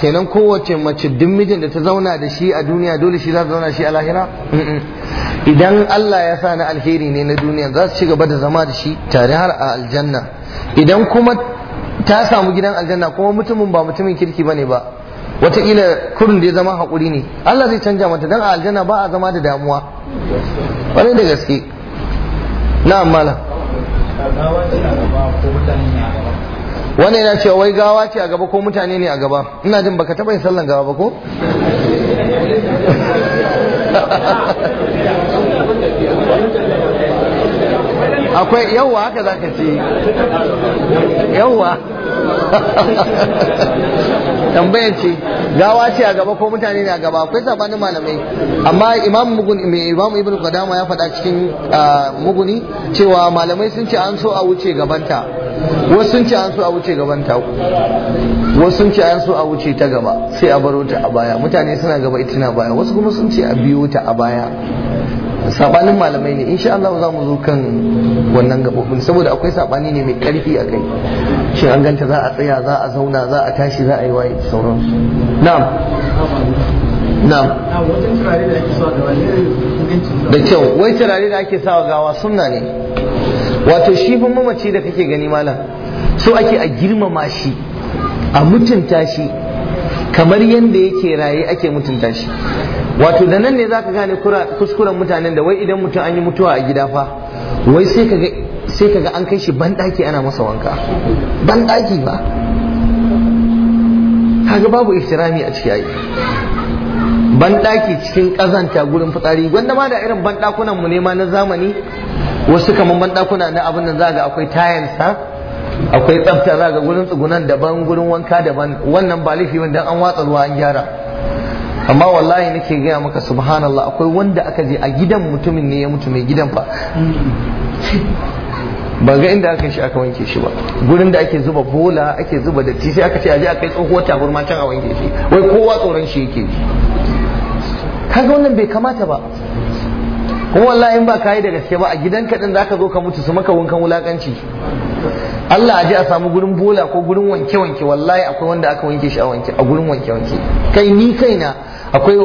kenan kowace mace duk mijin da ta zauna da shi a duniya dole shi za ta zauna shi a lahira idan Allah ya sa na alheri ne na duniya za su ci gaba da zama da shi tare har a aljanna idan kuma ta samu gidan aljanna kuma mutumin ba mutumin kirki bane ba wataƙila kurin da ya zama haƙuri ne Allah zai canja mata dan a aljanna ba a zama da damuwa wani da gaske na'am malam wanda yana cewa wai gawa ce a gaba ko mutane ne a gaba ina jin baka taba yin sallan gawa ba ko <laughs> akwai yauwa haka za ka ce yauwa <laughs> tambayan ce gawa ce a gaba ko mutane ne a gaba akwai sabanin malamai amma imam muguni imam ibn qadama ya faɗa cikin ah, muguni cewa malamai sun ce an so a wuce gabanta wasu sun ce an so a wuce gabanta wasu sun ce an so a wuce ta gaba sai a baro ta a baya mutane suna gaba ita na baya wasu kuma sun ce a biyo ta a baya sabanin malamai ne insha Allah za mu zo kan wannan gabobin saboda akwai sabani ne mai karfi a kai shin an ganta za a tsaya za a zauna za a tashi za a yi waye sauran na'am na'am da kyau wai turare da ake sawa gawa sunna ne wato shi fa mamaci da kake gani malam so ake a girmama shi a mutunta shi kamar yadda yake raye ake mutunta shi wato da nan ne za ka gane kuskuren mutanen da wai idan mutum an yi mutuwa a gida fa wai sai ka ga an kai shi banɗaki ana masa wanka banɗaki ba kaga babu iftirami a ciki banɗaki cikin ƙazanta gurin fitsari wanda ma da irin banɗakunan mu ne ma na zamani wasu kamar banɗakuna na abin da za ga akwai tayansa akwai tsafta za ga gurin tsugunan daban gurin wanka daban wannan ba laifi wanda an watsa ruwa an gyara amma wallahi nake gaya maka subhanallah akwai wanda aka je a gidan mutumin ne ya mutu mai gidan fa ba ga inda aka shi aka wanke shi ba gurin da ake zuba bola ake zuba datti sai aka ce aje a kai tsohuwar ma can a wanke shi wai kowa tsoron shi yake ji kaga wannan bai kamata ba kuma wallahi in ba ka yi da gaske ba a gidan gidanka din zaka zo ka mutu su maka wankan wulakanci Allah aje a samu gurin bola ko gurin wanke wanke wallahi akwai wanda aka wanke shi a wanke a gurin wanke wanke kai ni kaina akwai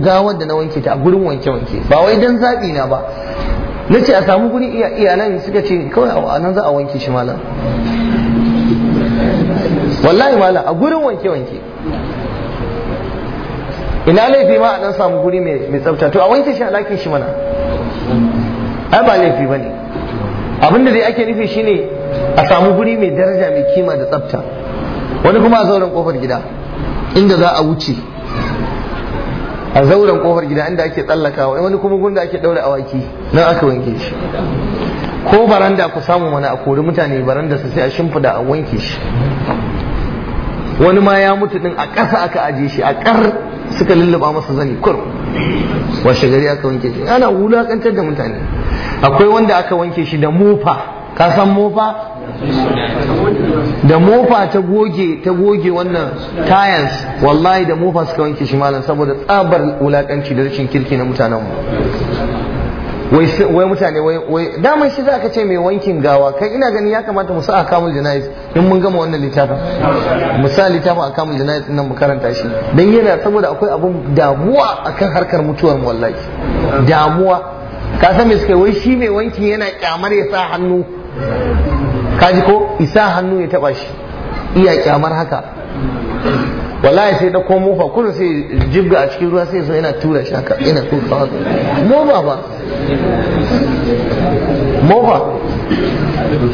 gawar da na wanke ta a gurin wanke wanke ba wai dan zabi na ba na ce a samu guri iyalan suka ce kawai a nan za a wanke shi malam wallahi malam a gurin wanke wanke ina laifi ma a dan samu guri mai tsafta to a wanke shi a lakin shi mana ai ba laifi bane abinda dai ake nufi shine a samu guri mai daraja mai kima da tsafta wani kuma a zauren kofar gida inda za a wuce a zauren kofar gida inda ake tsallakawa wani kuma gunda ake daura awaki nan aka wanke shi ko baranda ku samu mana a kori mutane baranda su sai a shimfida a wanke shi wani ma ya mutu din a ƙasa aka aje shi a ƙar suka lulluba masa zani kur washe gari aka wanke shi ana wulakantar da mutane akwai wanda aka wanke shi da mofa ka san mofa da mofa ta goge ta goge wannan tayans wallahi da mofa suka wanke shi malam saboda tsabar wulakanci da rashin kirki na mutanen mu wai mutane wai damar shi za ka ce mai wankin gawa kai ina gani ya kamata mu sa a kamul janayis in mun gama wannan littafin mu sa littafin a kamul janayis nan mu karanta shi don yana saboda akwai abun damuwa akan harkar mutuwar wallahi damuwa kasa mai me suka wai shi mai wankin yana kyamar ya sa hannu kaji ko isa hannu ya taba shi iya kyamar haka wallahi sai dauko mofa kullum sai jibga a cikin ruwa sai zo yana tura shi haka yana haka mofa ba mofa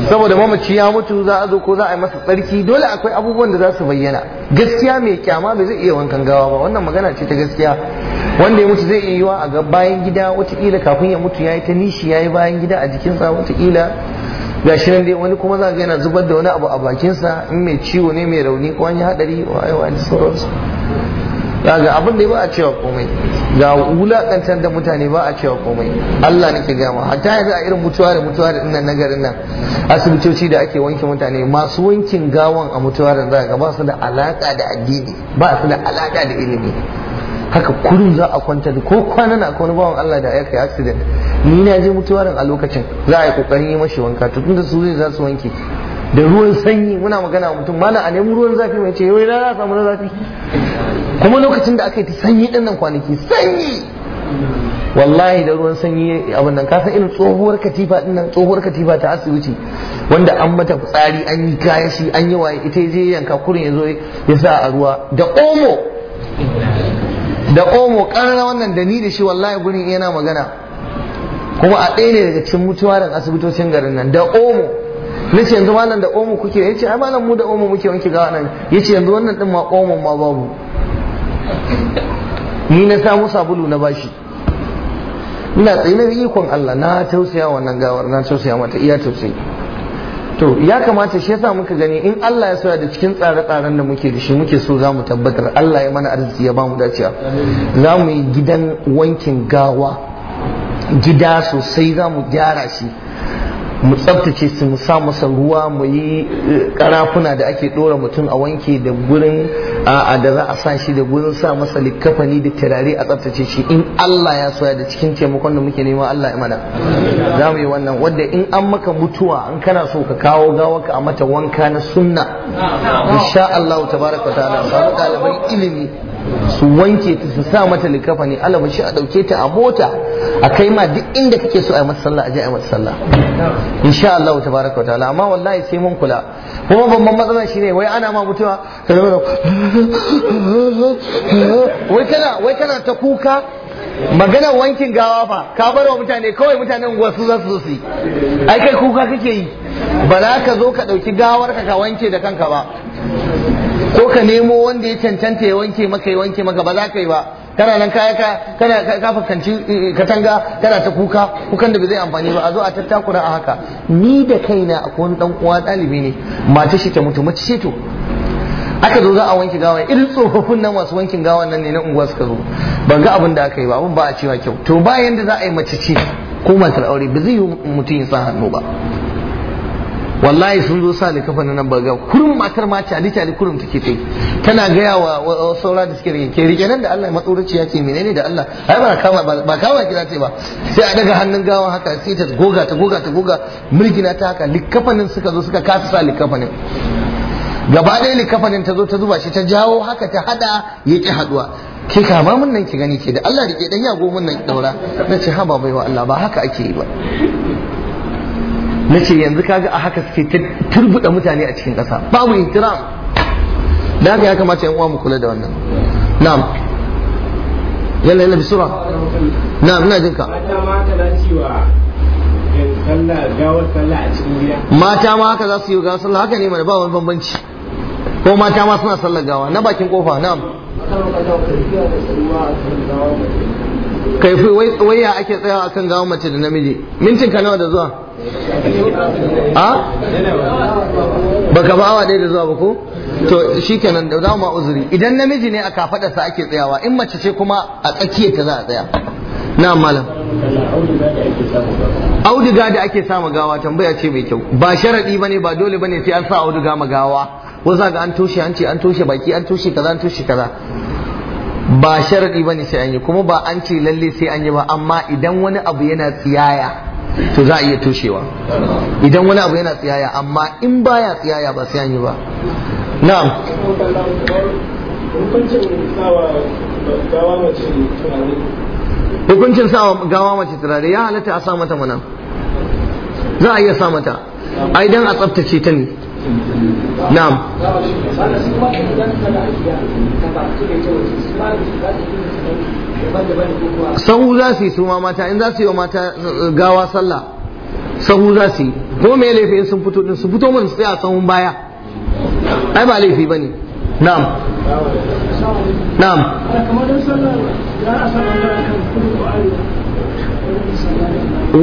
saboda mamaci ya mutu za a zo ko za a yi masa tsarki dole akwai abubuwan da za su bayyana gaskiya mai kyama bai zai iya wankan gawa ba wannan magana ce ta gaskiya wanda ya mutu zai iya yiwa a bayan gida watakila kafin ya mutu ya yi ta nishi ya yi bayan gida a jikinsa watakila gashi nan dai wani kuma za ga yana zubar da wani abu a bakinsa in mai ciwo ne mai rauni ko wani hadari waye waye da sauransu ga abin da ba a cewa komai ga wulakantar da mutane ba a cewa komai Allah nake gama hatta yanzu a irin mutuwa da mutuwa da nan nagarin nan asibitoci da ake wanke mutane masu wankin gawan a mutuwa da za ga ba su da alaka da addini ba su da alaka da ilimi haka kurin za a kwanta ko kwana na akwai bawan Allah da aka yi accident ni na je mutuwa a lokacin za a yi kokarin yi mashi wanka to tunda su zai za su wanke da ruwan sanyi muna magana mutum mana a nemi ruwan zafi mai ce yau na samu na zafi kuma lokacin da aka yi ta sanyi din nan kwanaki sanyi wallahi da ruwan sanyi abin nan kasan irin tsohuwar katifa din nan tsohuwar katifa ta asibiti wanda an mata tsari an yi kaya shi an yi waye ita je yanka kurin ya zo ya sa a ruwa da omo da omo karna wannan da ni da shi wallahi gurin yana magana kuma a ɗaya ne daga cikin da asibitocin garin nan da omo na ce yanzu malam da omo kuke ya ce ai malam mu da omo muke wanke gawa nan ya ce yanzu wannan ɗin ma omo ma babu ni na samu sabulu na bashi ina tsaye na ikon Allah na tausaya wannan gawar na tausaya mata iya tausayi to ya kamata shi yasa muka gani in Allah ya soya da cikin tsare-tsaren da muke da shi muke so za mu tabbatar Allah ya mana arziki ya ba mu dacewa za mu yi gidan wankin gawa gida sosai za mu gyara shi mu tsabtace su mu sa masa ruwa mu yi eh, karafuna da ake dora mutum a wanke da gurin a da za a sa shi da gurin sa masa likafani da turare a tsabtace shi in Allah ya soya da cikin taimakon da muke nema Allah ya mana za mu yi wannan wanda in an maka mutuwa an kana so ka kawo ka a mata wanka na sunna insha Allah tabaraka wa ta'ala samu ɗaliban ilimi su wanke ta su sa mata likafa ne alaba shi a dauke ta a mota a kai ma duk inda kake so a yi mata sallah a je a yi mata sallah insha Allah tabaraka wa ta'ala amma wallahi sai mun kula kuma babban matsala shine wai ana ma mutuwa wai kana wai kana ta kuka maganar wankin gawa fa ka bar wa mutane kawai mutanen wasu za su yi ai kai kuka kake yi ba za ka zo ka ɗauki gawar ka ka wanke da kanka ba ko ka nemo wanda ya cancanta ya wanke maka ya wanke maka ba za ka yi ba kana nan kaya ka kana ka fakanci eh, katanga kana ta kuka kukan da bai zai amfani ba a zo a tattakura a haka ni da kaina akwai wani dan uwa dalibi ne mace shi ta mutu mace to aka zo za a wanke gawa irin tsofaffin nan masu wankin gawan nan ne na unguwa suka zo ban ga abin da aka yi ba abin ba a cewa kyau to bayan da za a yi mace ce ko matar aure ba zai yi mutum ya sa hannu ba wallahi sun zo sa na nan ba ga kurum matar ma cali cali kurum take ta tana gaya wa saura da suke rike rike nan da Allah matsoraci ya ce menene da Allah ai ba kama ba kama kira ce ba sai a daga hannun gawa haka sai ta goga ta goga ta goga mulkina ta haka likafanin suka zo suka kasa sa likafanin gaba ɗaya likafanin ta zo ta zuba shi ta jawo haka ta hada ya ki haduwa ke kama mun nan ki gani ke da Allah rike dan yago mun nan daura ce ha ba wa Allah ba haka ake yi ba na ce yanzu kaga a haka suke turbuɗe mutane a cikin ƙasa babu ihtiram da haka ya kamata yan uwa mu kula da wannan na'am yalla yalla bisura na'am ina jinka mata ma haka za su yi eh, gawa sallah haka ne mana ba wani bambanci ko mata ma suna sallar gawa na bakin kofa na'am kai fi ake tsayawa akan gawo mace da namiji mintin ka nawa da zuwa a baka ba awa da zuwa ba ko to shi kenan da za ma uzuri idan namiji ne a kafaɗarsa ake tsayawa in mace ce kuma a tsakiya ta za a tsaya na malam auduga da ake samu gawa tambaya ce mai kyau ba sharaɗi ba ne ba dole ba ne sai an sa auduga magawa gawa wasu ga an toshe an ce an toshe baki an toshe kaza an toshe kaza ba sharadi bane sai an yi kuma ba an ce lalle sai an yi ba amma idan wani abu yana tsiyaya to za a iya toshewa idan wani abu yana tsiyaya amma in baya tsiyaya ba sai an yi ba na'am hukuncin sa gawa mace turare ya halatta a sa mata mana za a iya sa mata ai dan a tsaftace ta ne na'am sahu za su yi su ma mata in za su yi wa mata uh, gawa sallah sahu za su yi ko me laifi in sun fito din su fito mun tsaya sahun baya ai ba laifi bane na'am na'am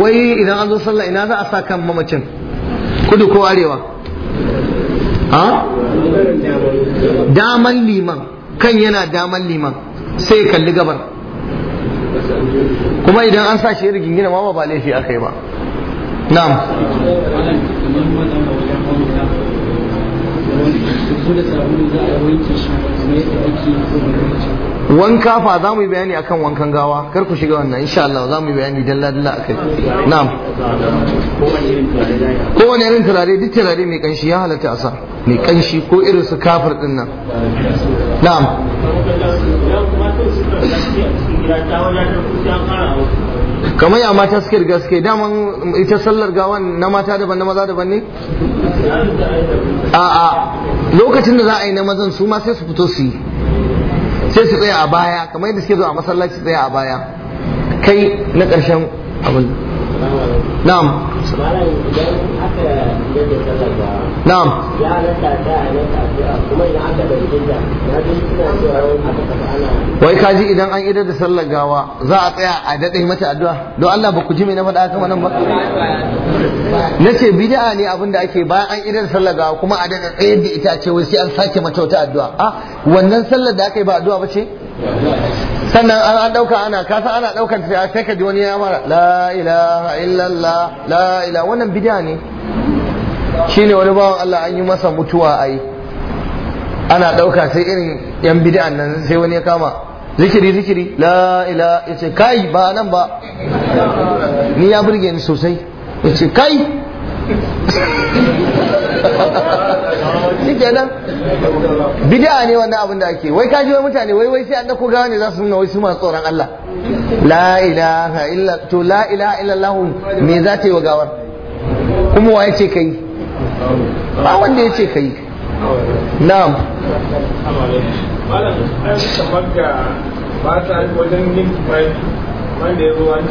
wai idan an zo sallah ina za a sa kan mamacin kudu ko arewa ha? daman liman kan yana daman liman sai kalli gabar kuma idan an sa shi rigingina ma ba laifi aka yi ba na'am da za a wanka fa za mu yi bayani a kan wankan gawa kar ku shiga wannan insha Allah za mu yi bayani dalla dalla kai, na'am kowane irin turare duk turare mai kanshi ya halatta a sa, mai kanshi ko irin su kafir din nan na'am kamar ya mata suke riga suke daman ita sallar gawan na mata daban na maza daban ne a'a lokacin da za a yi na mazan su ma sai su fito su yi sai su tsaya a baya kamar yadda suke zuwa masallaci tsaya a baya kai na ƙarshen abin نعم نعم wai kaji idan an idar da sallar gawa za a tsaya a daɗe mata addu'a don Allah ba ku ji me na faɗa kan nan ba na ce bid'a ne abin da ake bayan an idar da sallar gawa kuma a daga tsaye da ita ce wai sai an sake mata wata addu'a a ah, wannan sallar da aka yi ba addu'a ba ce sannan an dauka ana kasa ana daukan ta sai ka ji wani ya mara la ilaha illallah la ila wannan bid'a ne shine wani bawan Allah an yi masa mutuwa ai ana dauka sai irin yan bid'an nan sai wani ya kama zikiri zikiri la ila yace kai ba nan ba ni ya burge ni sosai yace kai <laughs> kenan bid'a ne wannan abin da ake wai kaji wai mutane wai wai sai an dako gawa ne za su nuna wai su masu tsoron Allah la ilaha illa to la ilaha illa Allah me za ta yi wa gawar kuma wa ce kai ba wanda yace kai na'am malam ai tabbaga ba ta wajen yin wanda ya zo an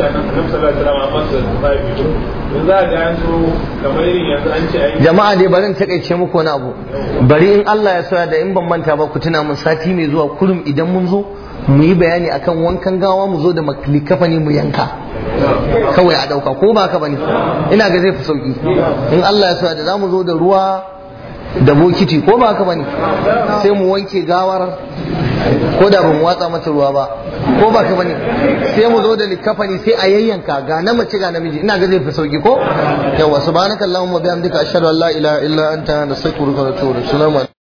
ce ce jama'a dai takaice muku wani abu bari in Allah ya soya da in ban manta ba ku tuna mun sati mai zuwa kurum idan mun zo mu yi bayani akan wankan gawa mu zo da likafani mu yanka kawai a dauka ko ba ka bane ina ga zai fi sauki in Allah ya soya da za mu zo da ruwa da bokiti ko ba haka bane sai mu wanke gawar ko da bamu watsa mata ruwa ba ko ba haka bane sai mu zo da likafani sai a yayyanka ga na mace ga namiji ina ga zai fi sauki ko yawa subhanakallahumma bihamdika ashhadu an la ilaha illa anta nastaghfiruka wa atubu ilaik